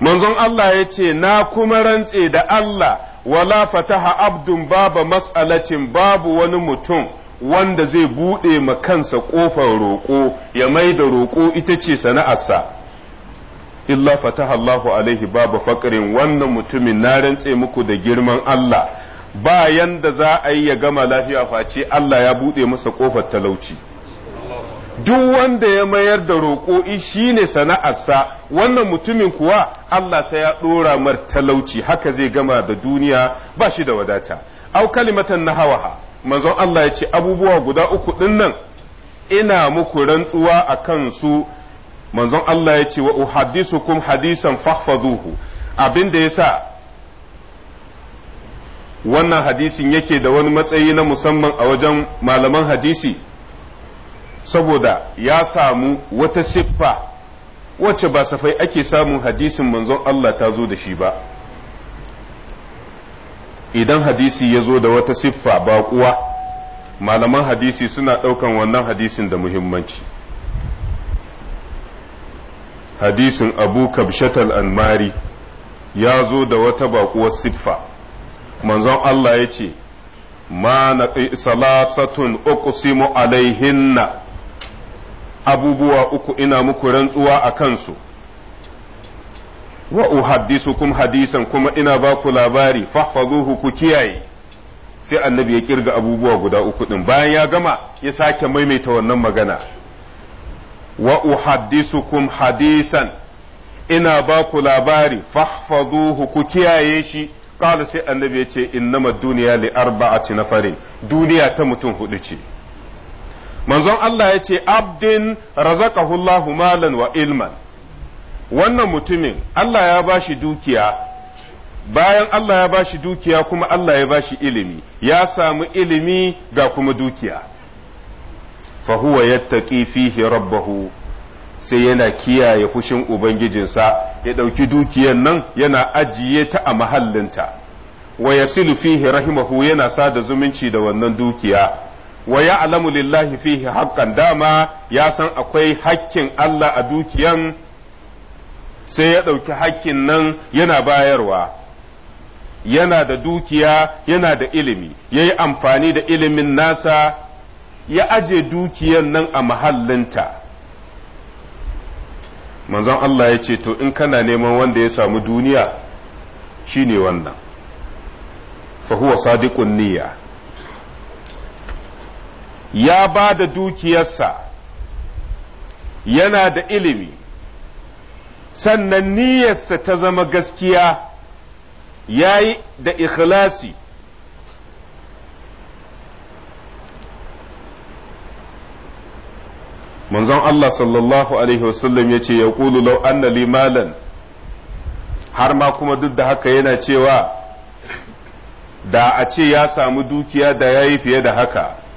manzon Allah ya ce na kuma rantse da Allah wala fataha abdun baba mas'alatin babu wani mutum wanda zai buɗe ma kansa ƙofar roƙo ya mai da roƙo ita ce sana'arsa illa fataha Allahu alaihi babu faƙrin wannan mutumin na rantse muku da girman Allah bayan da za a yi ya gama lafiya face Allah ya buɗe masa ƙofar talauci duk wanda ya mayar da roƙo shi ne sana'arsa wannan mutumin kuwa Allah sai ya ɗora mar talauci haka zai gama da duniya ba shi da wadata au kalimatan na hawaha manzon Allah ya ce abubuwa guda uku ɗin nan ina muku rantsuwa a kan su manzon Allah ya ce wa uhaddisukum hadisan fahfaduhu abin da yasa wannan hadisin yake da wani matsayi na musamman a wajen malaman hadisi saboda ya samu wata siffa wacce ba safai ake samun hadisin manzon Allah ta zo da shi ba idan hadisi ya zo da wata siffa ba kuwa malaman hadisi suna ɗaukan wannan hadisin da muhimmanci hadisin abu kabshatal almari ya zo da wata baƙuwar siffa manzon Allah ya ce ma na salasatun uqsimu alaihinna abubuwa uku ina muku rantsuwa a kansu wa uhaddisukum hadisan kuma ina ba ku labari fahfazuhu ku kiyaye sai annabi ya kirga abubuwa guda uku din bayan ya gama ya sake maimaita wannan magana wa uhaddisukum hadisan ina ba ku labari fahfazuhu ku kiyaye shi qala sai annabi ya ce innamad duniya li arba'ati nafarin duniya ta mutum hudu ce manzon Allah ya ce abdin razaqahu Allahu malan wa ilman wannan mutumin Allah ya bashi dukiya bayan Allah ya bashi dukiya kuma Allah ya bashi ilimi ya samu ilimi ga kuma dukiya fa huwa yattaqi fihi rabbahu sai yana kiyaye fushin ubangijinsa ya ɗauki dukiyan nan yana ajiye ta a mahallinta wa yasilu fihi rahimahu yana sada zumunci da wannan dukiya wa ya'lamu lillahi fihi haqqan dama ya san akwai hakkin Allah a dukiyan sai ya ɗauki hakkin nan yana bayarwa yana da dukiya yana da ilimi ya yi amfani da ilimin nasa ya aje dukiyan nan a mahallinta manzon Allah ya ce to in kana neman wanda ya samu duniya shine wannan fa huwa sadiqun niyya ya ba da dukiyarsa yana da ilimi sannan niyyarsa ta zama gaskiya ya yi da ikhlasi manzon Allah sallallahu Alaihi wasallam ya ce ya ƙulu lau anna har ma kuma duk da haka yana cewa da a ce ya samu dukiya da ya yi fiye da haka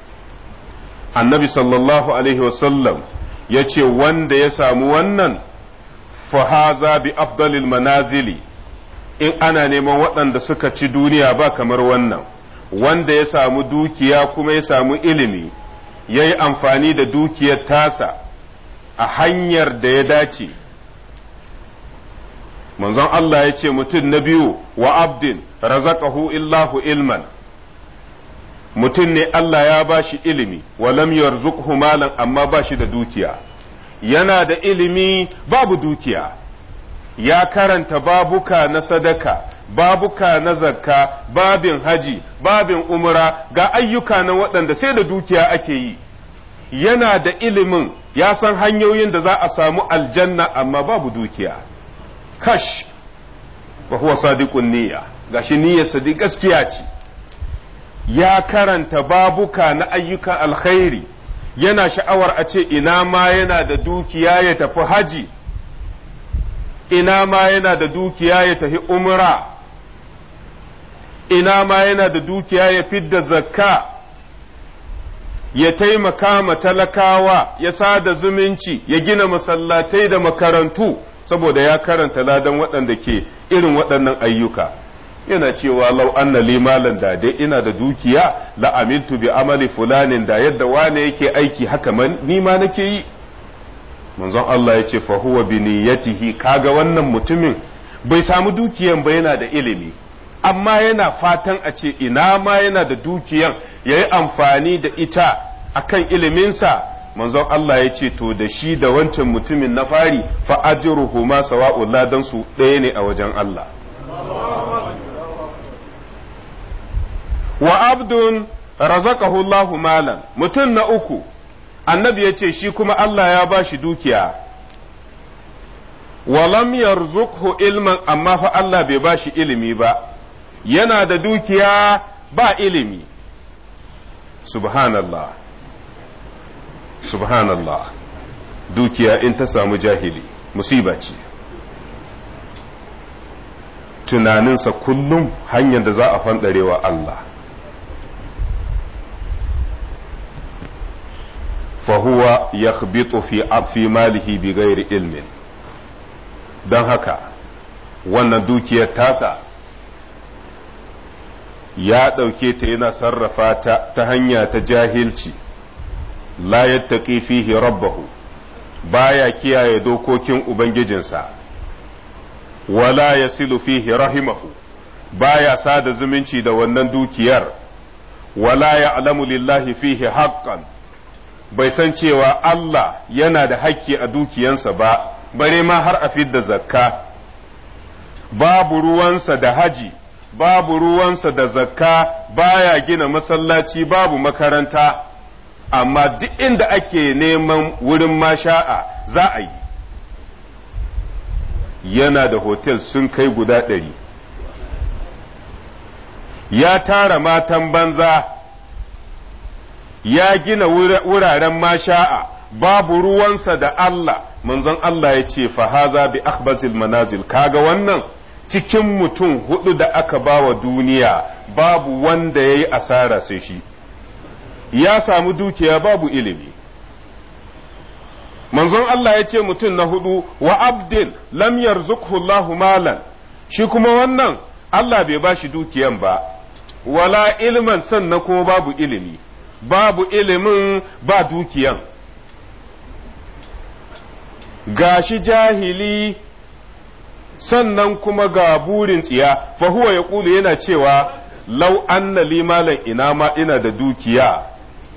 annabi sallallahu alaihi wasallam ya ce wanda ya samu wannan fahaza bi afdalil manazili in ana neman waɗanda suka ci duniya ba kamar wannan wanda ya samu dukiya kuma ya samu ilimi ya yi amfani da dukiyar tasa a hanyar da ya dace manzon Allah ya ce mutum na biyu wa abdin razaqahu illahu ilman mutum ne Allah ya ba shi ilimi walam yarzuqhu malan amma ba shi da dukiya yana da ilimi babu dukiya ya karanta babuka na sadaka babuka na zakka babin haji babin umra ga ayyuka na waɗanda sai da dukiya ake yi yana da ilimin ya san hanyoyin da za a samu aljanna amma babu dukiya kash wa huwa sadiqun niyya gashi niyyarsa gaskiya ce ya karanta babuka na ayyukan alkhairi yana sha'awar a ce ina ma yana da dukiya ya tafi haji ina ma yana da dukiya ya tafi umra ina ma yana da dukiya ya fidda zakka ya taimaka ma talakawa ya sada zumunci ya gina masallatai da makarantu saboda ya karanta ladan waɗanda ke irin waɗannan ayyuka yana cewa lau anna li malan da dai ina da dukiya la amiltu bi amali fulanin da yadda wane yake aiki haka man ni ma nake yi manzon Allah ya ce fa huwa bi niyyatihi kaga wannan mutumin bai samu dukiyan ba yana da ilimi amma yana fatan a ce ina ma yana da dukiyan yayi amfani da ita akan iliminsa manzon Allah ya ce to da shi da wancan mutumin na fari fa ajruhuma sawa'u ladan su ɗaya ne a wajen Allah wa abdun razaqahu Allahu malan mutum na uku annabi ya ce shi kuma Allah ya ba shi dukiya Wa lam yarzuqhu ilman amma fa Allah bai ba shi ilimi ba yana da dukiya ba ilimi subhanallah subhanallah dukiya in ta samu jahili musiba ce tunaninsa kullum hanyar da za a fanɗarewa Allah fa huwa yakhbitu fi fi malihi bi ghairi ilmin don haka wannan dukiyar tasa ya ɗauke ta yana sarrafa ta ta hanya ta jahilci la yattaqi fihi rabbahu baya kiyaye dokokin ubangijinsa wala yasilu fihi rahimahu baya sada zumunci da wannan dukiyar wala ya'lamu lillahi fihi haqqan bai san cewa Allah yana da hakki a dukiyansa ba bare ma har a fidda zakka babu ruwansa da haji babu ruwansa da zakka baya gina masallaci babu makaranta amma duk inda ake neman wurin masha'a za a yi yana da hotel sun kai guda ɗari ya tara matan banza ya gina wuraren masha'a babu ruwansa da Allah manzon Allah ya ce fahaza bi akhbazil manazil kaga wannan cikin mutum hudu da aka bawa duniya babu wanda ya yi asara sai shi ya samu dukiya babu ilimi manzon Allah ya ce mutum na hudu wa abdin lam yarzuqhu malan shi kuma wannan Allah bai bashi dukiyan ba wala ilman sannan kuma babu ilimi babu ilimin ba dukiyan gashi jahili sannan kuma ga burin tsiya fahuwa ya ƙulu yana cewa lau anna limalan ina ma ina da dukiya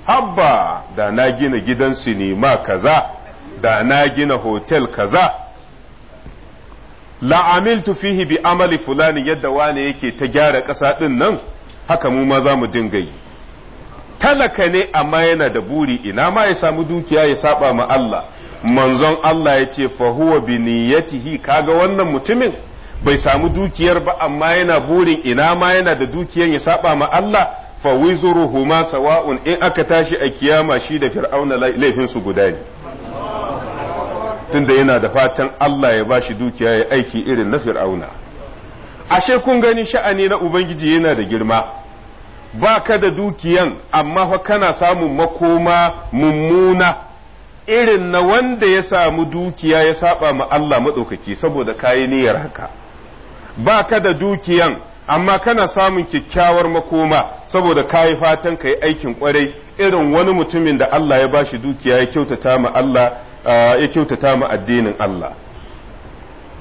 habba da na gina gidan sinima kaza da na gina hotel kaza la'amiltu fihi bi amali fulani yadda wane yake ta gyara ƙasa ɗin nan haka mu ma za mu dinga yi talaka ne amma yana da buri ina ma ya samu dukiya ya saba ma Allah manzon Allah ya ce fa huwa bi niyyatihi kaga wannan mutumin bai samu dukiyar ba amma yana burin ina ma yana da dukiyar ya saba ma Allah fa wizuruhuma sawa'un in aka tashi a kiyama shi da fir'auna laifin su guda ne tunda yana da fatan Allah ya bashi dukiya ya aiki irin na fir'auna ashe kun gani sha'ani na ubangiji yana da girma ba ka da dukiyan amma fa kana samun makoma mummuna irin na wanda ya samu dukiya ya saba ma Allah maɗaukaki saboda kayi niyyar haka ba ka da dukiyan amma kana samun kyakkyawar makoma saboda kayi fatan ka yi aikin kwarai irin wani mutumin da Allah ya bashi dukiya ya kyautata ma Allah ah, ya kyautata ma addinin Allah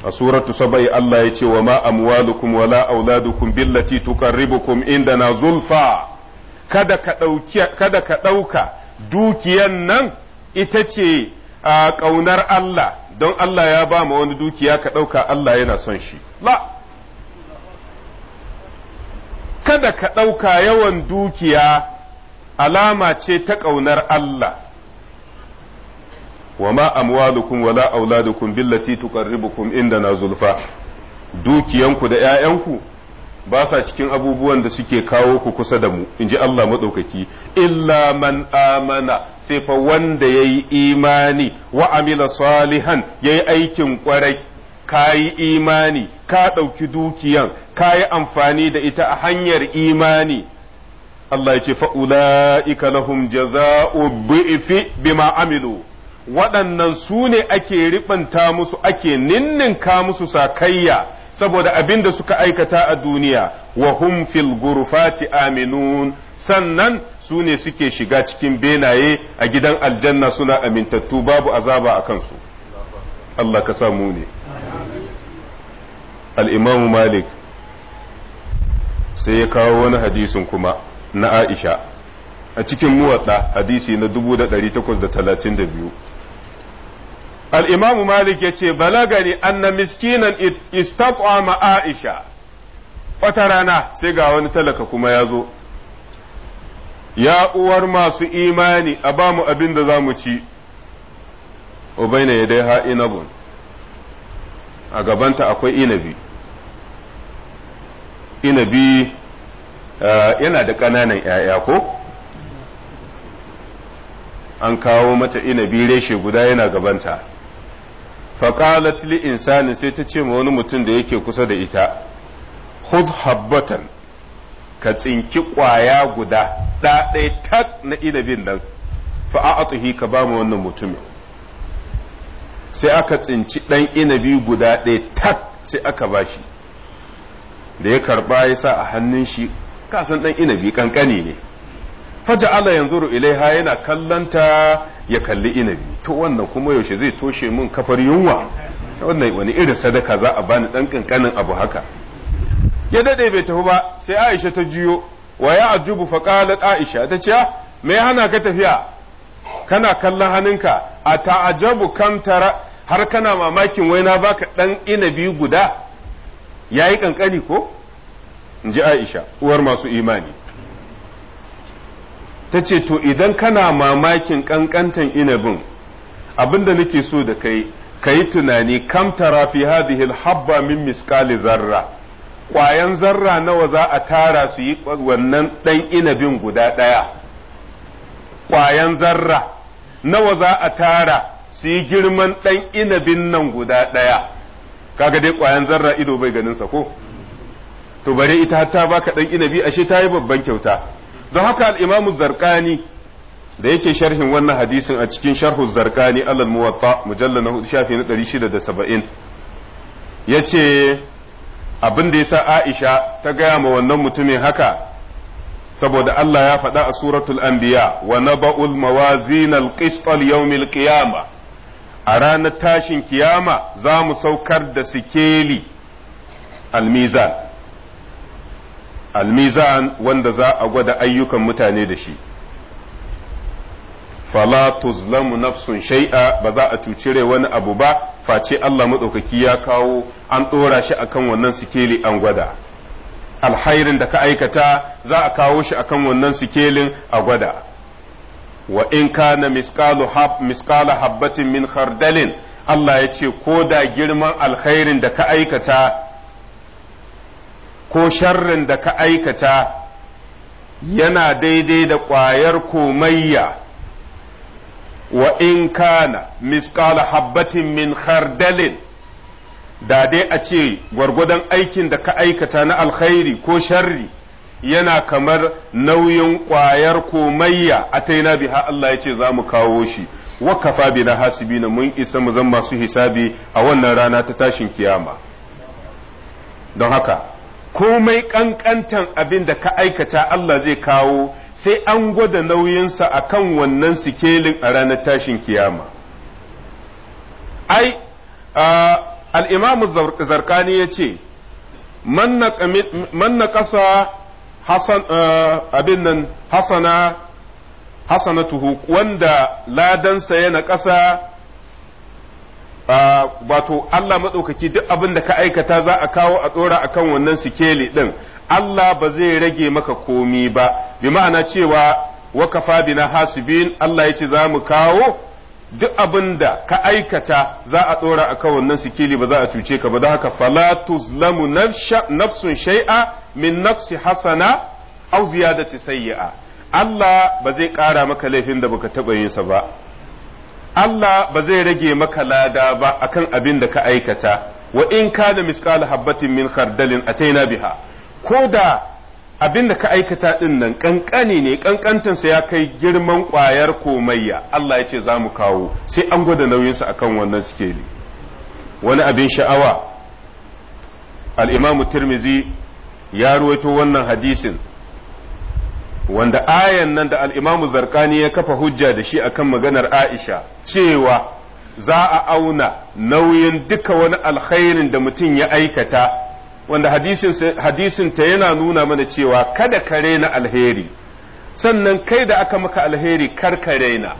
a suratu saba'i Allah ya ce wa ma amwalukum wala auladukum billati tuqarribukum indana zulfa kada ka dauki kada ka dauka dukiyan nan ita ce a kaunar Allah don Allah ya ba wani dukiya ka dauka Allah yana son shi la kada ka dauka yawan dukiya alama ce ta kaunar Allah wa ma amwalukum wala auladukum billati tuqarribukum indana zulfa dukiyanku da 'ya'yanku ba sa cikin abubuwan da suke kawo ku kusa da mu in ji Allah maɗaukaki illa man amana sai fa wanda ya yi imani wa amila salihan ya yi aikin ƙwarai ka yi imani ka ɗauki dukiyan ka yi amfani da ita a hanyar imani Allah ya ce fa'ula'ika lahum jaza'u bima amilu waɗannan su ne ake riɓanta musu ake ninninka musu sakayya saboda abin da suka aikata a duniya wa hum fil gurfati aminun sannan su ne suke shiga cikin benaye a gidan aljanna suna amintattu babu azaba a kansu Allah ka samu ne al'imamu malik sai ya kawo wani hadisin kuma na aisha a cikin muwaɗa hadisi na 1832 al'imamu malik ya ce balagani anna miskinan ma aisha wata rana sai ga wani talaka kuma ya zo ya uwar masu imani a bamu abin da za mu ci Obaina ya dai ha inabun a gabanta akwai inabi inabi eh, yana da ƙananan ‘ya'ya ko an kawo mata inabi reshe guda yana gabanta faƙalat li insani sai ta ce ma wani mutum da yake kusa da ita khudh habbatan ka tsinki ƙwaya guda ɗaɗai tak na inabin nan fa'a'atuhi ka ba mu wannan mutumin sai aka tsinci ɗan inabi guda ɗaya tak sai aka ba shi da ya karɓa ya sa a hannun shi kasan ɗan inabi ƙanƙani ne faja'ala yanzuru ilaiha yana kallanta ya kalli inabi to wannan kuma yaushe zai toshe min kafar yunwa wannan wani irin sadaka za a bani dan kankanin abu haka ya dade bai tafi ba sai Aisha ta jiyo wa ya ajubu fa qalat Aisha ta ce ah, me hana ka tafiya kana kallon hannunka a ta'ajabu kam tara har kana mamakin wai na baka dan inabi guda yayi kankani ko in ji Aisha uwar masu imani ta ce to idan kana mamakin kankantan inabin abinda nake so da kai ka yi tunani kam tara fi hadhihi habba min miskali zarra ƙwayan zarra nawa za a tara su yi wannan ɗan inabin guda ɗaya ƙwayan zarra nawa za a tara su yi girman ɗan inabin nan guda ɗaya kaga dai kwayan zarra ido bai ganin sa ko to bare ita ta baka ɗan inabi ashe ta yi babban kyauta don haka al-imamu da yake sharhin wannan hadisin a cikin sharhu zarqani alal muwatta mujalla na hudu shafi na ya ce abin da yasa Aisha ta gaya ma wannan mutumin haka saboda Allah ya faɗa a suratul anbiya wa naba'ul mawazin al-qist yawmil qiyamah a ranar tashin kiyama za mu saukar da sikeli almizan almizan wanda za a gwada ayyukan mutane da shi fala tuzlamu nafsun shay'a ba za a cucire wani abu ba face Allah maɗaukaki ya kawo an ɗora shi akan wannan sikeli an gwada alhairin da ka aikata za a kawo shi akan wannan sikelin a gwada wa in kana misqala habbatin min khardalin Allah ya ce ko da girman alkhairin da ka aikata ko sharrin da ka aikata yana daidai da ƙwayar komayya wa in kana misƙala habbatin min khardalin da dai a ce gwargwadon aikin da ka aikata na alkhairi ko sharri yana kamar nauyin ƙwayar komayya a taina biha Allah ya ce za mu kawo shi wakafa bi na hasibi na mun isa mu zan masu hisabi a wannan rana ta tashin kiyama don haka komai ƙanƙantan abin da ka aikata Allah zai kawo sai an gwada nauyinsa a kan wannan sikelin a ranar tashin kiyama ai al'imamu zarkani ya ce man na ƙasa abin nan hasana Tuhu wanda ladansa yana ƙasa wato Allah matsaukaki duk abin da ka aikata za a kawo a tsora akan wannan sikeli ɗin. Allah ba zai rage maka komi ba bi ma'ana cewa wa kafa bina hasibin Allah yace za mu kawo duk abin da ka aikata za a tsora akan wannan sikeli ba za a cuce ka ba don haka fala tuzlamu nafsun shay'a min nafsi hasana aw ziyadati sayyi'a Allah ba zai ƙara maka laifin da baka taɓa sa ba Allah ba zai rage maka lada ba akan abin da ka aikata wa in kana misqala habatin min khardalin ataina biha ko da abin da ka aikata din nan kankani ne ƙanƙantansa ya kai girman kwayar komayya Allah ya ce za mu kawo sai an gwada nauyinsa akan wannan sikeli wani abin sha'awa al-imamu tirmizi ya ruwaito wannan hadisin wanda ayan nan da al'imamu zarkani ya kafa hujja da shi akan maganar Aisha cewa za a auna nauyin duka wani alkhairin da mutum ya aikata wanda hadisinta yana nuna mana cewa kada ka raina alheri sannan kai da aka maka alheri kar ka raina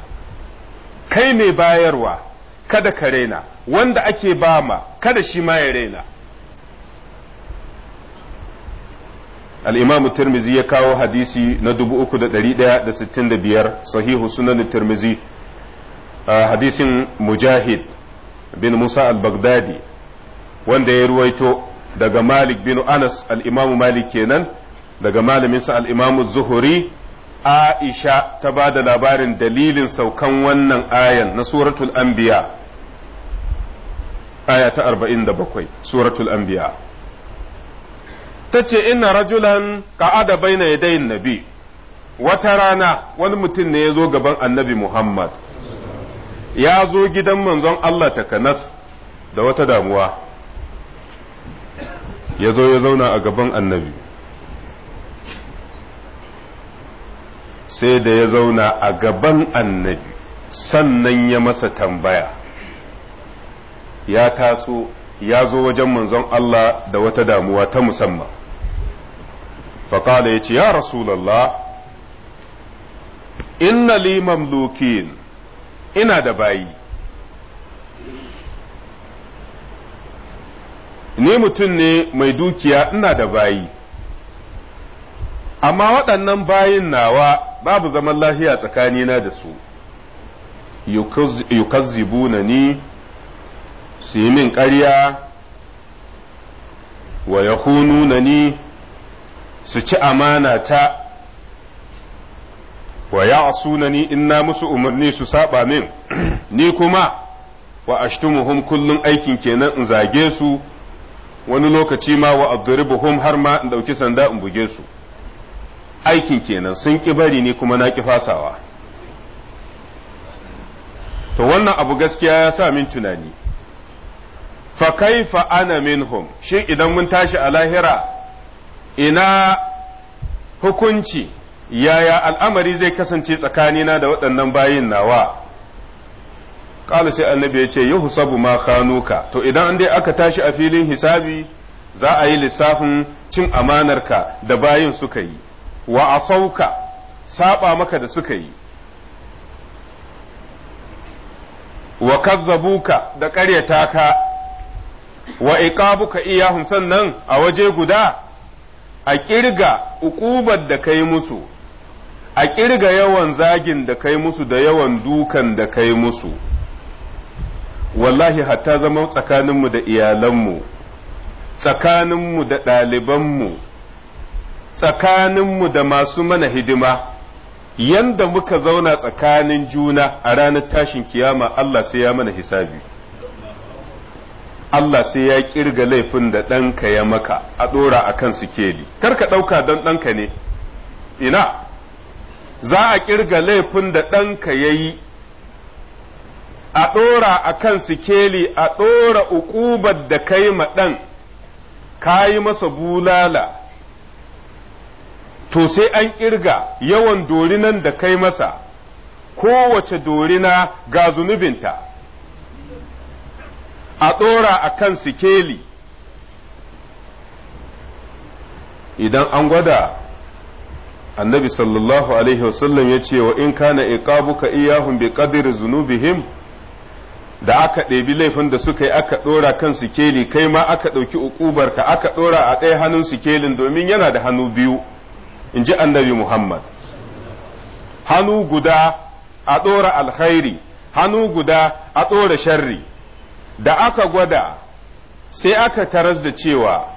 kai mai bayarwa kada ka raina wanda ake bama kada shi ma ya raina al-imam tirmizi ya kawo hadisi na da sittin biyar sahihu sunan tirmizi hadisin mujahid bin musa albagdadi wanda ya ruwaito daga malik bin anas al malik kenan daga malaminsa al'imamu zuhuri aisha ta ba da labarin dalilin saukan wannan ayan na suratul anbiya aya ta 47 suratul anbiya ta ce ina rajulan ka'ada baina yadayin nabi wata rana wani mutum ne ya zo gaban annabi Muhammad ya zo gidan manzon Allah ta kanas da wata damuwa ya zo ya zauna a gaban annabi sai da ya zauna a gaban annabi sannan ya masa tambaya ya taso ya zo wajen manzon Allah da wata damuwa ta musamman faƙala ya ce ya rasulallah inna li mamlukin ina da bayi ni mutum ne mai dukiya ina da bayi amma waɗannan bayin nawa babu zaman lafiya tsakanina da su na ni su yi min ƙarya wa na ni su ci amana ta wa ya sunani in na musu umarni su saba min ni kuma wa ashtumuhum kullum aikin kenan in zage su wani lokaci ma wa adribuhum har ma in dauki sanda in buge su aikin kenan sun ki bari ni kuma na ki fasawa to wannan abu gaskiya ya sa min tunani fa kaifa ana minhum shi idan mun tashi a lahira ina hukunci yaya al'amari zai kasance tsakanina da waɗannan bayin nawa ƙala sai annabi ya ce yi sabu ma khanuka to idan an dai aka tashi a filin hisabi za a yi lissafin cin amanarka da bayin suka yi wa a sauka saba maka da suka yi wa kazzabuka da ƙaryata ka wa iqabuka iyahum sannan a waje guda a kirga ukubar da kai musu a kirga yawan zagin da kai musu da yawan dukan da kai musu wallahi hatta zama tsakaninmu da iyalanmu tsakaninmu da ɗalibanmu tsakaninmu da masu mana hidima yanda muka zauna tsakanin juna a ranar tashin kiyama Allah sai ya mana hisabi Allah sai ya kirga laifin da ɗanka ya maka a ɗora a kan sikeli kar ka ɗauka don ɗanka ne ina za a kirga laifin da ɗanka ya yi a ɗora a kan sikeli a ɗora uƙubar da kai ma ɗan ka yi masa bulala to sai an kirga yawan dorinan da kai masa kowace dorina ga zunubinta a ɗora a kan sikeli idan an gwada annabi sallallahu alaihi wasallam ya ce wa in kana iqabuka iyahum bi qadri zunubihim da aka ɗebi laifin da suka yi aka ɗora kan sikeli kai ma aka ɗauki uƙubarka aka ɗora a ɗaya hannun sikelin domin yana da hannu biyu in ji annabi muhammad hannu guda a ɗora alkhairi hannu guda a ɗora sharri da aka gwada sai aka taras da cewa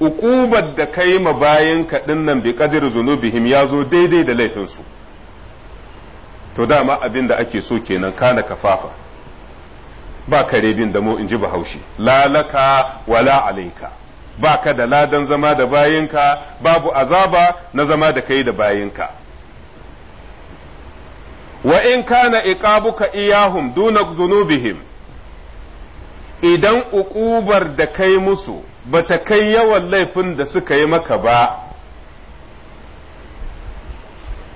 uƙubar da ka yi ma bayan kaɗin nan bi ƙadir zunubihim ya zo daidai da laifin su. to dama abin da ake so kenan kana kafafa ba kare bin da mu in ji bahaushe lalaka wala alaika ba ka da ladan zama da bayinka babu azaba na zama da kai da bayinka wa in kana iqabuka iyahum duna zunubihim idan uƙubar da kai musu ba ta kai yawan laifin da suka yi maka ba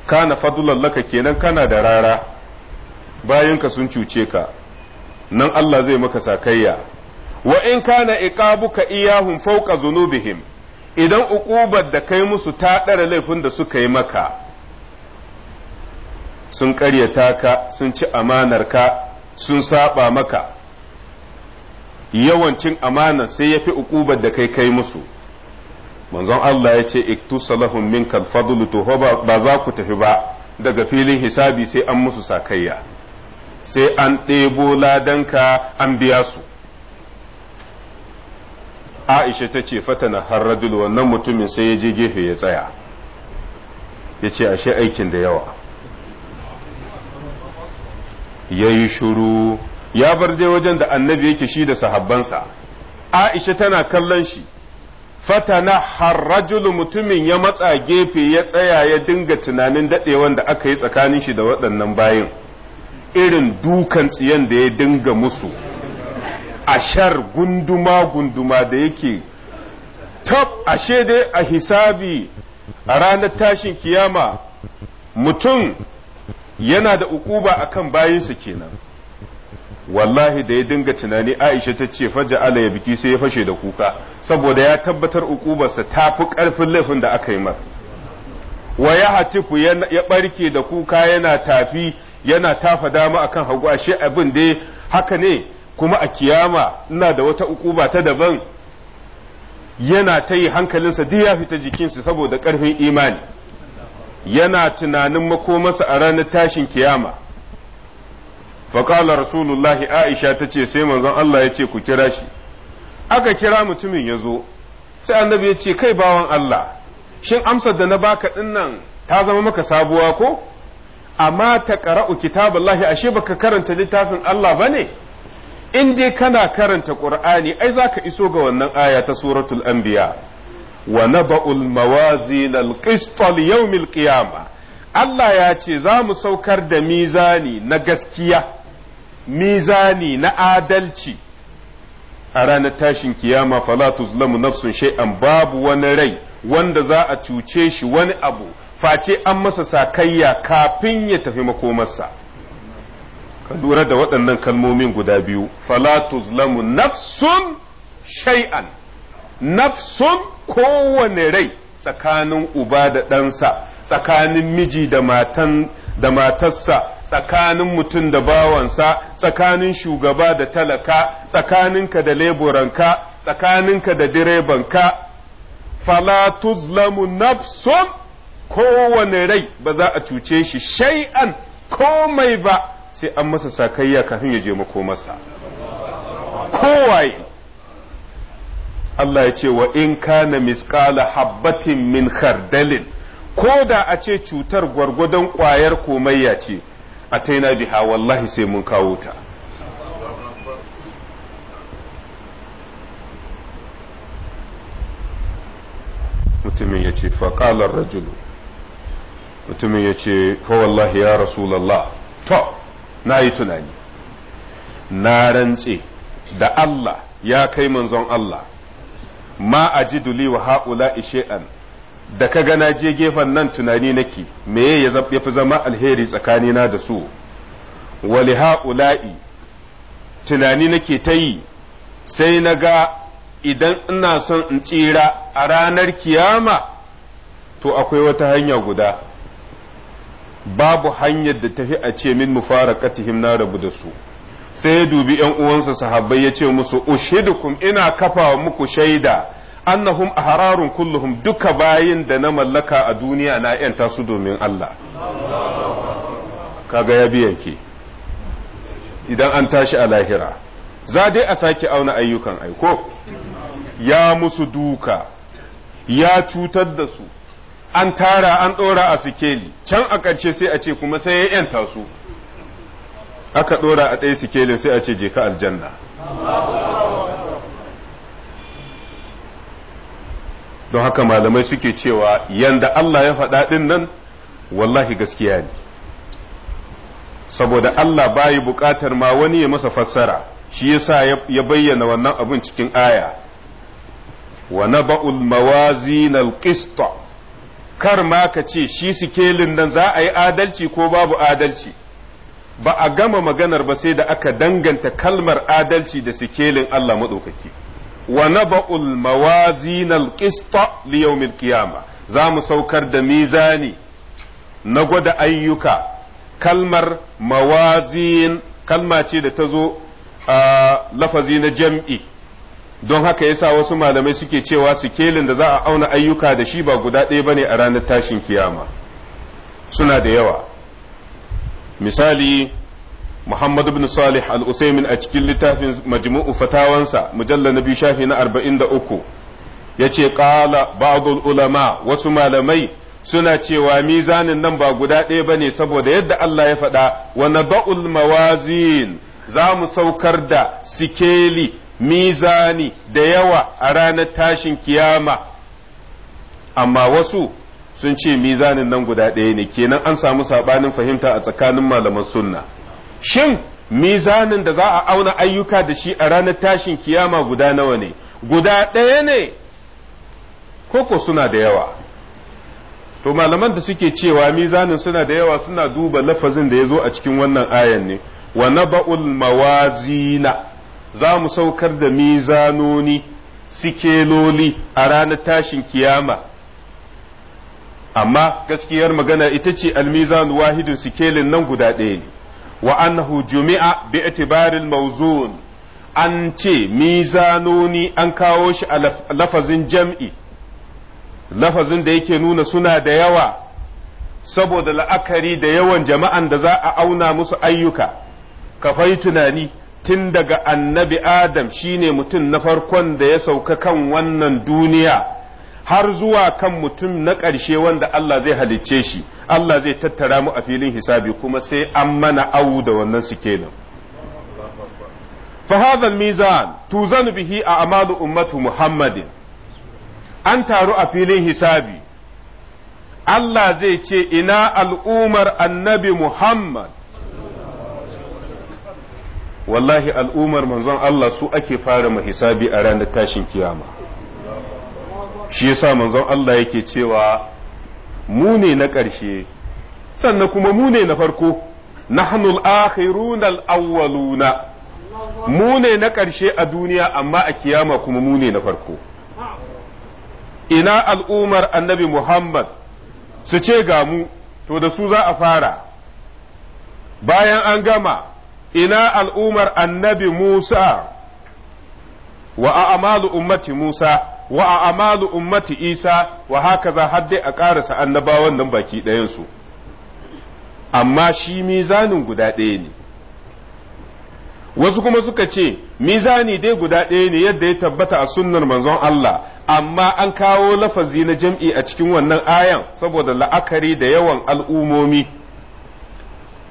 kana fadlan laka kenan kana da rara bayan ka sun cuce ka nan Allah zai maka sakayya wa in kana iqabuka iyahum fawqa zunubihim idan uƙubar da kai musu ta ɗara laifin da suka yi maka sun ƙaryata ka sun ci amanar ka sun saba maka yawancin amana sai ya fi da kai kai musu manzon Allah ya ce iktusa lahum min fadlu to ba za ku tafi ba daga filin hisabi sai an musu sakayya sai an ɗebo ladanka an biya su Aisha ta ce fatana harradul wannan mutumin sai ya je gefe ya tsaya ya ce ashe aikin da yawa ya yi shuru ya bar dai wajen da annabi yake shi da sahabbansa aisha tana kallon shi fatana harrajul mutumin ya matsa gefe ya tsaya ya dinga tunanin daɗewan da aka yi tsakanin shi da waɗannan bayin irin dukan tsiyan da ya dinga musu ashar gunduma gunduma da yake tab ashe dai a hisabi a ranar tashin kiyama mutum yana da ukuba akan bayinsa kenan wallahi da ya dinga tunani Aisha ta ce faja ala ya biki sai ya fashe da kuka saboda ya tabbatar ukubarsa ta fi karfin laifin da aka yi mar wa ya hatifu ya barke da kuka yana tafi yana tafa dama akan hagu ashe abin da haka ne kuma a kiyama ina da wata ukuba ta daban yana ta yi hankalinsa duk ya fita jikinsa saboda ƙarfin imani yana tunanin makomarsa a ranar tashin kiyama faƙala rasulullahi aisha ta ce sai manzon Allah ya ce ku kira shi aka kira mutumin ya zo sai annabi ya ce kai bawan Allah shin amsar da na baka dinnan ta zama maka sabuwa ko amma ta ƙara'u kitaballahi ashe baka karanta littafin Allah ba ne in dai kana karanta ƙur'ani ai zaka iso ga wannan aya ta suratul anbiya wa naba'ul mawazin al yawmil qiyamah Allah ya ce za mu saukar da mizani na gaskiya mizani na adalci a ranar tashin kiyama fala tuzlamu nafsun shay'an babu wani rai wanda za a cuce shi wani abu face an masa sakayya kafin ya tafi makomarsa ka lura da waɗannan kalmomin guda biyu fala tuzlamu nafsun shay'an nafsun kowane rai tsakanin uba da ɗansa tsakanin miji da matan da matarsa tsakanin mutum da bawansa tsakanin shugaba da talaka tsakaninka da leburanka tsakaninka da direbanka fala tuzlamu nafsun kowane rai ba za a cuce shi shay'an komai ba sai an masa sakayya kafin ya je mako masa kowaye Allah ya ce wa in kana misqala habbatin min khardalin ko da a ce cutar gwargwadon kwayar komayya ce ataina biha wallahi sai mun kawo ta mutumin ya ce faƙalar rajulu mutumin ya ce wallahi ya rasulallah to na yi tunani na rantse da Allah ya kai manzon Allah ma a ji wa haƙula ishe'an da ka ga na je gefen nan tunani nake me ya fi zama alheri tsakanina da su wali ha'ula'i tunani nake ta yi sai na ga idan ina son in tsira a ranar kiyama to akwai wata hanya guda babu hanyar da tafi a ce min mu mufarakatihim na rabu da su sai ya dubi ‘yan uwansa sahabbai ya ce musu ushidukum ina kafa muku shaida annahum ahararun kulluhum duka bayin da na mallaka a duniya na yanta su domin Allah kaga ya biyanke idan an tashi a lahira za dai a sake auna ayyukan aiko ya musu duka ya cutar da su an tara an ɗora a sikeli can a ƙarshe sai a ce kuma sai ya yanta su aka ɗora a ɗaya sikelin sai a ce je ka aljanna don haka malamai suke cewa yanda Allah ya faɗa ɗin nan wallahi gaskiya ne saboda Allah bayi buƙatar ma wani ya masa fassara shi yasa ya bayyana wannan abin cikin aya wa naba'ul mawazin alqista kar ma ka ce shi sikelin nan za a yi adalci ko babu adalci ba a gama maganar ba sai da aka danganta kalmar adalci da sikelin Allah maɗaukaki. wa naba'ul mawazin al-qista li qiyama za mu saukar da mizani na gwada ayyuka kalmar mawazin kalma ce da ta zo a lafazi na jam'i don haka yasa wasu malamai suke cewa sikelin da za a auna ayyuka da shi ba guda ɗaya bane a ranar tashin kiyama suna da yawa misali Muhammad ibn Salih al-Usaimin a cikin littafin majmu'u fatawansa mujalla na biyu shafi na 43 yace qala ba'dul ulama wasu malamai suna cewa mizanin nan ba guda ɗaya ne saboda yadda Allah ya faɗa wa nada'ul mawazin za mu saukar da sikeli mizani da yawa a ranar tashin kiyama amma wasu sun ce mizanin nan guda ɗaya ne kenan an samu saɓanin fahimta a tsakanin malaman sunna shin mizanin da za a auna ayyuka da shi a ranar tashin kiyama guda nawa ne guda ɗaya ne koko suna da yawa to malaman da suke cewa mizanin suna da yawa suna duba lafazin da ya zo a cikin wannan ayan ne wa naba'ul mawazina za mu saukar da mizanoni sikeloli a ranar tashin kiyama amma gaskiyar magana ita ce almizanu wahidun sikelin nan guda ɗaya ne wa annahu jumi'a bi mawzun an ce mizanoni an kawo shi a lafazin jam'i lafazin da yake nuna suna da yawa saboda la'akari da yawan jama'an da za a auna musu ayyuka kafai tunani tun daga annabi adam shine mutum na farkon da ya sauka kan wannan duniya har zuwa kan mutum na ƙarshe wanda Allah zai halicce shi Allah zai tattara mu a filin hisabi kuma sai an mana awu da wannan su kenan fa hadha al-mizan bihi a amalu ummatu muhammadin an taru a filin hisabi Allah zai ce ina al'umar annabi Muhammad wallahi al'umar manzon Allah su ake fara ma hisabi a ranar tashin kiyama shi yasa manzon Allah yake cewa mu ne na ƙarshe sannan kuma mu ne na farko nahnul akhiruna al-awwaluna mu ne na ƙarshe a duniya amma a kiyama kuma mu ne na farko ina al'umar annabi Muhammad su ce ga mu to da su za a fara bayan an gama ina al'umar annabi Musa wa a'malu ummati Musa wa a amalu ummati isa wa haka za har dai a ƙarasa annabawan nan baki ɗayansu amma shi mizanin guda ɗaya ne wasu kuma suka ce mizani dai guda ɗaya ne yadda ya tabbata a sunnar manzon Allah amma an kawo lafazi na jam'i a cikin wannan ayan saboda la'akari da yawan al'umomi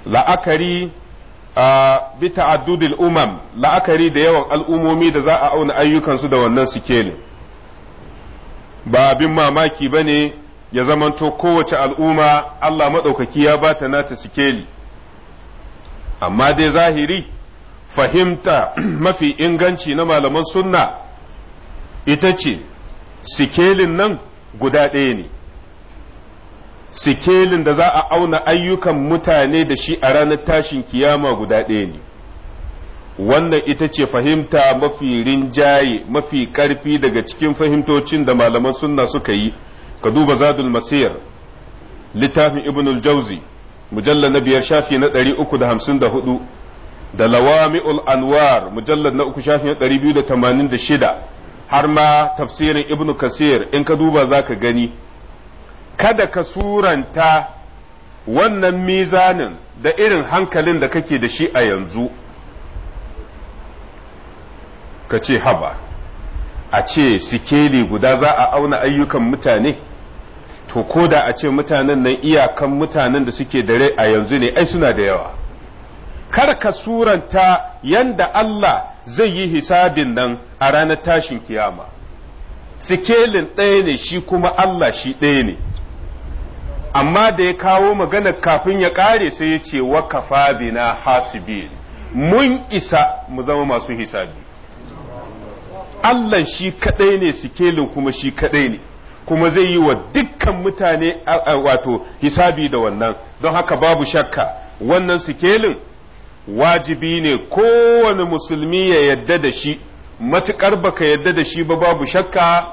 la'akari bi ta'addudil umam la'akari da yawan al'umomi da za a auna ayyukansu da wannan sikelin ba abin mamaki ba ne ya zamanto kowace al'umma Allah maɗaukaki ya ba ta nata sikeli amma dai zahiri fahimta mafi inganci na malaman sunna ita ce sikelin nan guda ɗaya ne sikelin da za a auna ayyukan mutane da shi a ranar tashin kiyama guda ɗaya ne wannan ita ce fahimta mafi rinjaye mafi ƙarfi daga cikin fahimtocin da malaman sunna suka yi ka duba zadul masir littafin al jauzi mujalla na biyar shafi na ɗari uku da hamsin da hudu da lawami'ul anwar mujallar na uku shafi na ɗari biyu da tamanin da shida har ma tafsirin ibnu kasir in ka duba za ka gani kada ka suranta wannan mizanin da irin hankalin da kake da shi a yanzu ka ce haba a ce sikeli guda za a auna ayyukan mutane to ko da a ce mutanen nan iyakan mutanen da suke dare a yanzu ne ai suna da yawa kar ka suranta yanda Allah zai yi hisabin nan a ranar tashin kiyama sikelin ɗaya ne shi kuma Allah shi ɗaya ne amma da ya kawo magana kafin ya ƙare sai ya ce wa kafa bina hasibin mun isa mu zama masu hisabi Allah shi kadai ne sikelin kuma shi kadai ne kuma zai yi wa dukkan mutane wato hisabi da wannan don haka babu shakka wannan sikelin wajibi ne kowane musulmi ya yadda da shi matukar baka yadda da shi ba babu shakka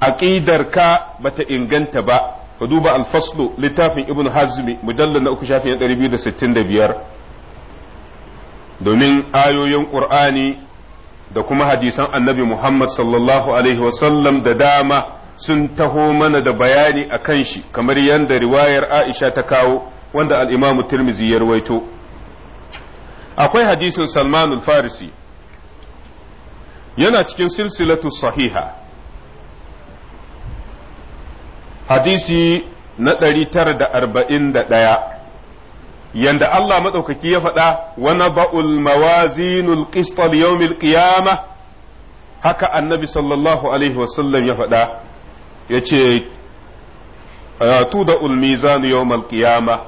aqidarka bata inganta ba ka duba alfaslu littafin ibn hazmi mujallar na uku shafin 265 domin ayoyin qur'ani da kuma hadisan annabi Muhammad sallallahu alaihi wasallam da dama sun taho mana da bayani a kan shi kamar yadda riwayar Aisha ta kawo wanda al'imamu Tirmizi ya rawaito. Akwai hadisin Salman farisi yana cikin silsilatu sahiha. Hadisi na ɗari tara da arba'in da ɗaya. yanda Allah maɗaukaki ya faɗa wani naba'ul mawazinul qist yawmil haka annabi sallallahu alaihi wasallam ya faɗa yace tuda'ul mizanu yawmal qiyamah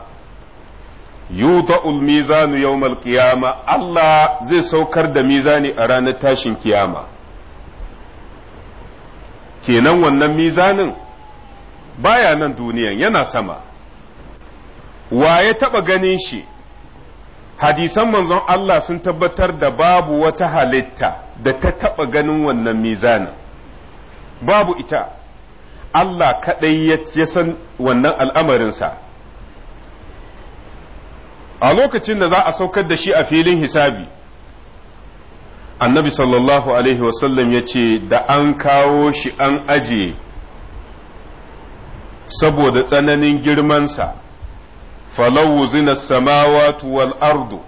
yuda'ul mizanu yawmal qiyamah Allah zai saukar da mizani a ranar tashin kiyama kenan wannan mizanin baya nan duniyan yana sama wa ya taɓa ganin shi hadisan manzon Allah sun tabbatar da babu wata halitta da ta taɓa ganin wannan mizanin babu ita Allah kaɗai ya san wannan al'amarinsa a lokacin da za a saukar da shi a filin hisabi annabi sallallahu alaihi wasallam ya ce da an kawo shi an aje saboda tsananin girmansa falau zina samawatu wal ardu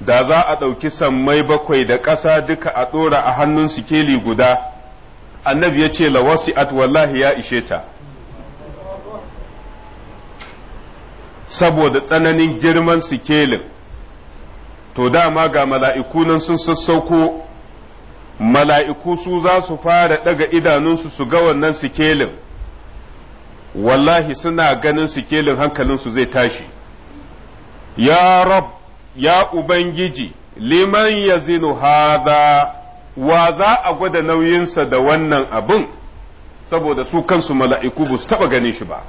da za a ɗauki sammai bakwai da ƙasa duka a ɗora a hannun sikeli guda annabi ya ce lawasi'at wallahi ya ishe ta saboda tsananin girman sikelin to dama ga mala'iku nan sun sassauko mala'iku su za su fara ɗaga idanunsu su ga wannan sikelin wallahi suna ganin sikelin hankalinsu zai tashi ya rab ya ubangiji liman ya zinu hada wa za a gwada nauyinsa da wannan abin saboda su kansu mala'iku ba su taɓa ganin shi ba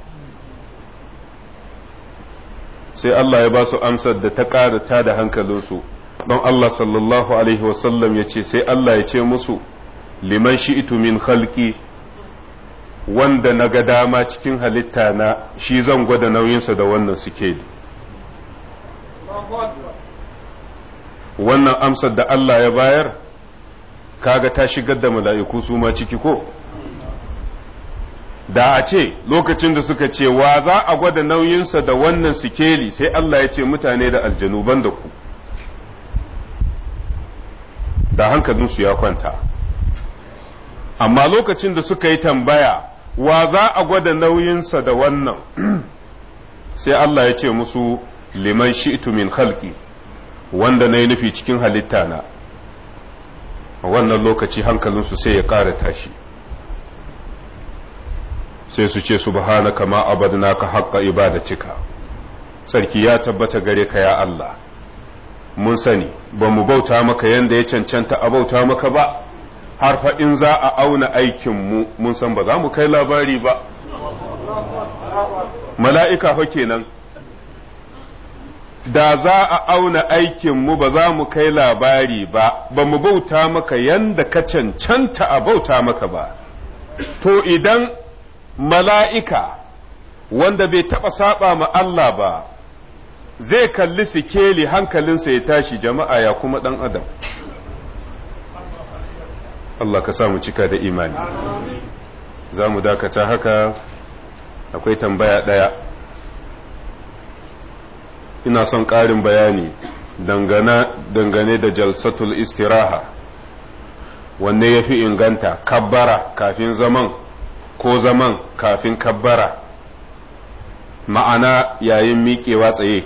sai Allah ya ba su amsar da ta ƙara ta da hankalinsu don Allah sallallahu Alaihi wasallam ya ce sai Allah ya ce musu liman shi min khalqi wanda na ga dama cikin halitta na shi zan gwada nauyinsa da wannan sikeli wannan amsar da Allah ya bayar kaga ta shigar da mala'iku su ma ciki ko da a ce lokacin da suka ce wa za a gwada nauyinsa da wannan sikeli sai Allah ya ce mutane da aljanu ban da ku da hankalinsu ya kwanta amma lokacin da suka yi tambaya wa za a gwada nauyinsa da wannan sai Allah ya ce musu liman shi'tu min khalqi wanda na yi nufi cikin halitta na wannan lokaci hankalinsu sai ya ƙara tashi sai su ce subhanaka ma abadnaka haqqa ibadatika sarki ya tabbata gare ka ya Allah mun sani ba mu bauta maka yanda ya cancanta a bauta maka ba har fa in za a auna aikinmu mun san ba za mu kai labari ba mala'ika fa kenan da za a auna aikinmu ba za mu kai labari ba ba mu bauta maka yanda ka cancanta a bauta maka ba to idan mala'ika wanda bai taɓa saɓa ma Allah ba zai kalli sikeli hankalinsa ya tashi jama'a ya kuma ɗan adam Allah ka samu cika da imani za mu dakata haka akwai tambaya ɗaya ina son ƙarin bayani dangane da jalsatul istiraha wanne ya fi inganta kabbara kafin zaman ko zaman kafin kabbara ma'ana yayin miƙewa tsaye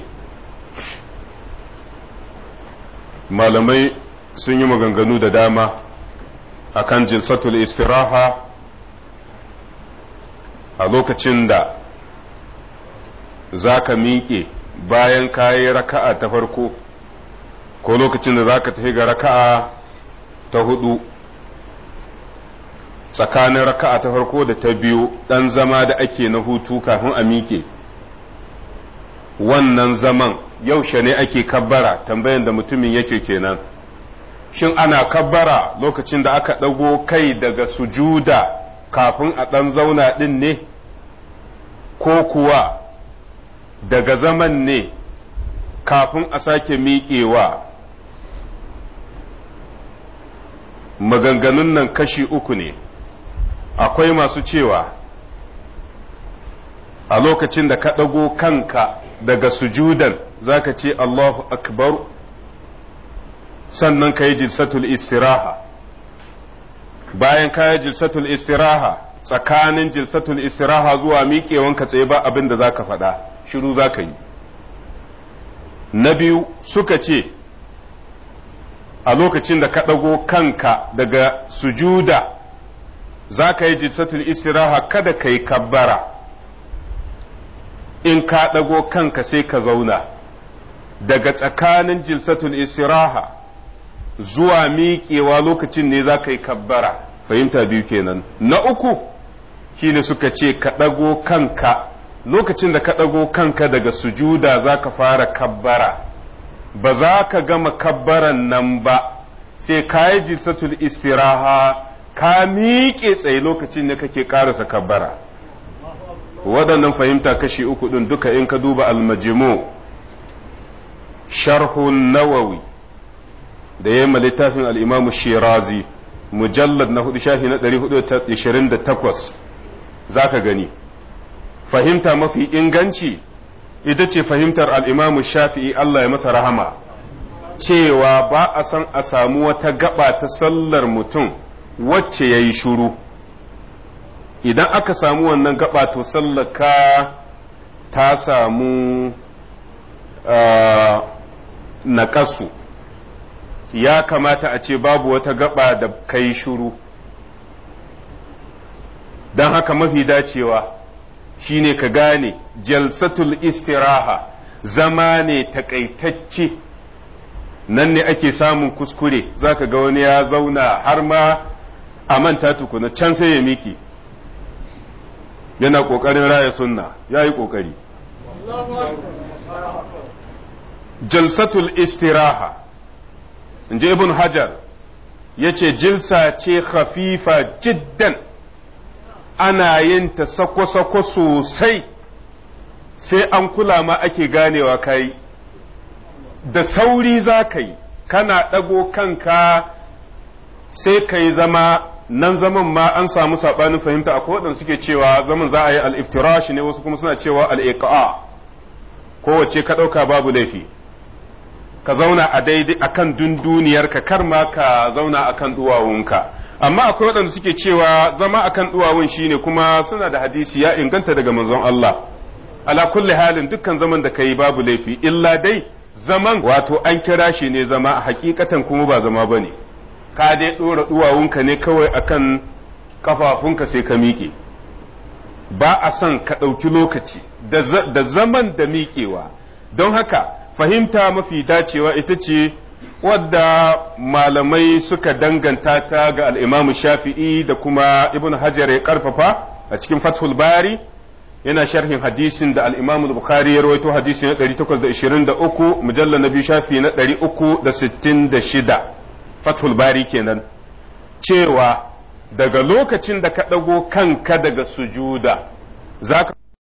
malamai sun yi maganganu da dama akan jilsatul istiraha a lokacin da zaka miƙe bayan kayi raka'a ta farko ko lokacin da zaka tafi ga raka'a ta hudu tsakanin raka'a ta farko da ta biyu ɗan zama da ake na hutu kafin a miƙe wannan zaman yaushe ne ake kabbara tambayan da mutumin yake kenan shin ana kabbara lokacin da aka ɗago kai daga sujuda kafin a ɗan zauna ɗin ne ko kuwa daga zaman ne kafin a sake miƙewa maganganun nan kashi uku ne akwai masu cewa a lokacin da ka ɗago kanka daga sujudan za ka ce Allahu akbaru sannan ka yi jilsatul istiraha bayan ka yi jilsatul istiraha tsakanin jilsatul istiraha zuwa ka tsaye ba abin da za ka faɗa shiru za ka yi na biyu suka ce a lokacin da ka ɗago kanka daga sujuda za ka yi jilsatul istiraha kada ka yi kabbara in ka ɗago kanka sai ka zauna daga tsakanin jilsatul istiraha zuwa miƙewa lokacin ne za ka yi kabbara fahimta biyu kenan na uku shine suka ce ka ɗago kanka lokacin da ka ɗago kanka daga sujuda za ka fara kabbara ba za ka gama kabbaran nan ba sai ka yi jisatul istiraha ka miƙe tsaye lokacin da kake ƙarasa kabbara waɗannan fahimta kashi uku ɗin duka in ka duba almajimu sharhun nawawi da ya yi littafin al'imamu shirazi mujallad na hudu shafi na 428 za ka gani fahimta mafi inganci ita ce fahimtar al'imamu shafi'i Allah ya masa rahama cewa ba a san a samu wata gaba ta sallar mutum wacce ya yi shuru idan aka samu wannan gaba to sallaka ta samu ah, naƙasu ya kamata a ce babu wata gaba da kai shuru don haka mafi dacewa shine ka gane jalsatul istiraha zama ne takaitacce nan ne ake samun kuskure za ka ga wani ya zauna har ma a manta tukuna can sai ya miki yana ƙoƙarin raya sunna ya yi ƙoƙari jalsatul istiraha in ji ibn hajar yace ce ce khafifa jiddan ana yin ta sako-sako sosai sai an kula ma ake ganewa kai da sauri za ka yi kana ɗago kanka sai ka yi zama nan zaman ma an samu saɓanin fahimta a waɗanda suke cewa zaman za a yi al'iftirashi ne wasu kuma suna cewa al'iƙa'a kowace ka ɗauka babu laifi ka zauna a daidai akan dunduniyar ka kar ma ka zauna akan duwawunka amma akwai waɗanda suke cewa zama akan duwawun shine kuma suna da hadisi ya inganta daga manzon Allah ala kulli halin dukkan zaman da kai babu laifi illa dai zaman wato an kira shi ne zama a hakikatan kuma ba zama bane ka dai dora duwawunka ne kawai akan kafafunka sai ka miƙe ba a son ka ɗauki lokaci da zaman da miƙewa don haka fahimta mafi dacewa ita ce wadda malamai suka danganta ta ga al'imamu shafi'i da kuma ibn hajar ya karfafa a cikin fathul bari yana sharhin hadisin da al'imamu bukhari ya rawaito hadisi na 823 mujalla na biyu shafi na 366 fathul bari kenan cewa daga lokacin da ka ɗago kanka daga sujuda za ka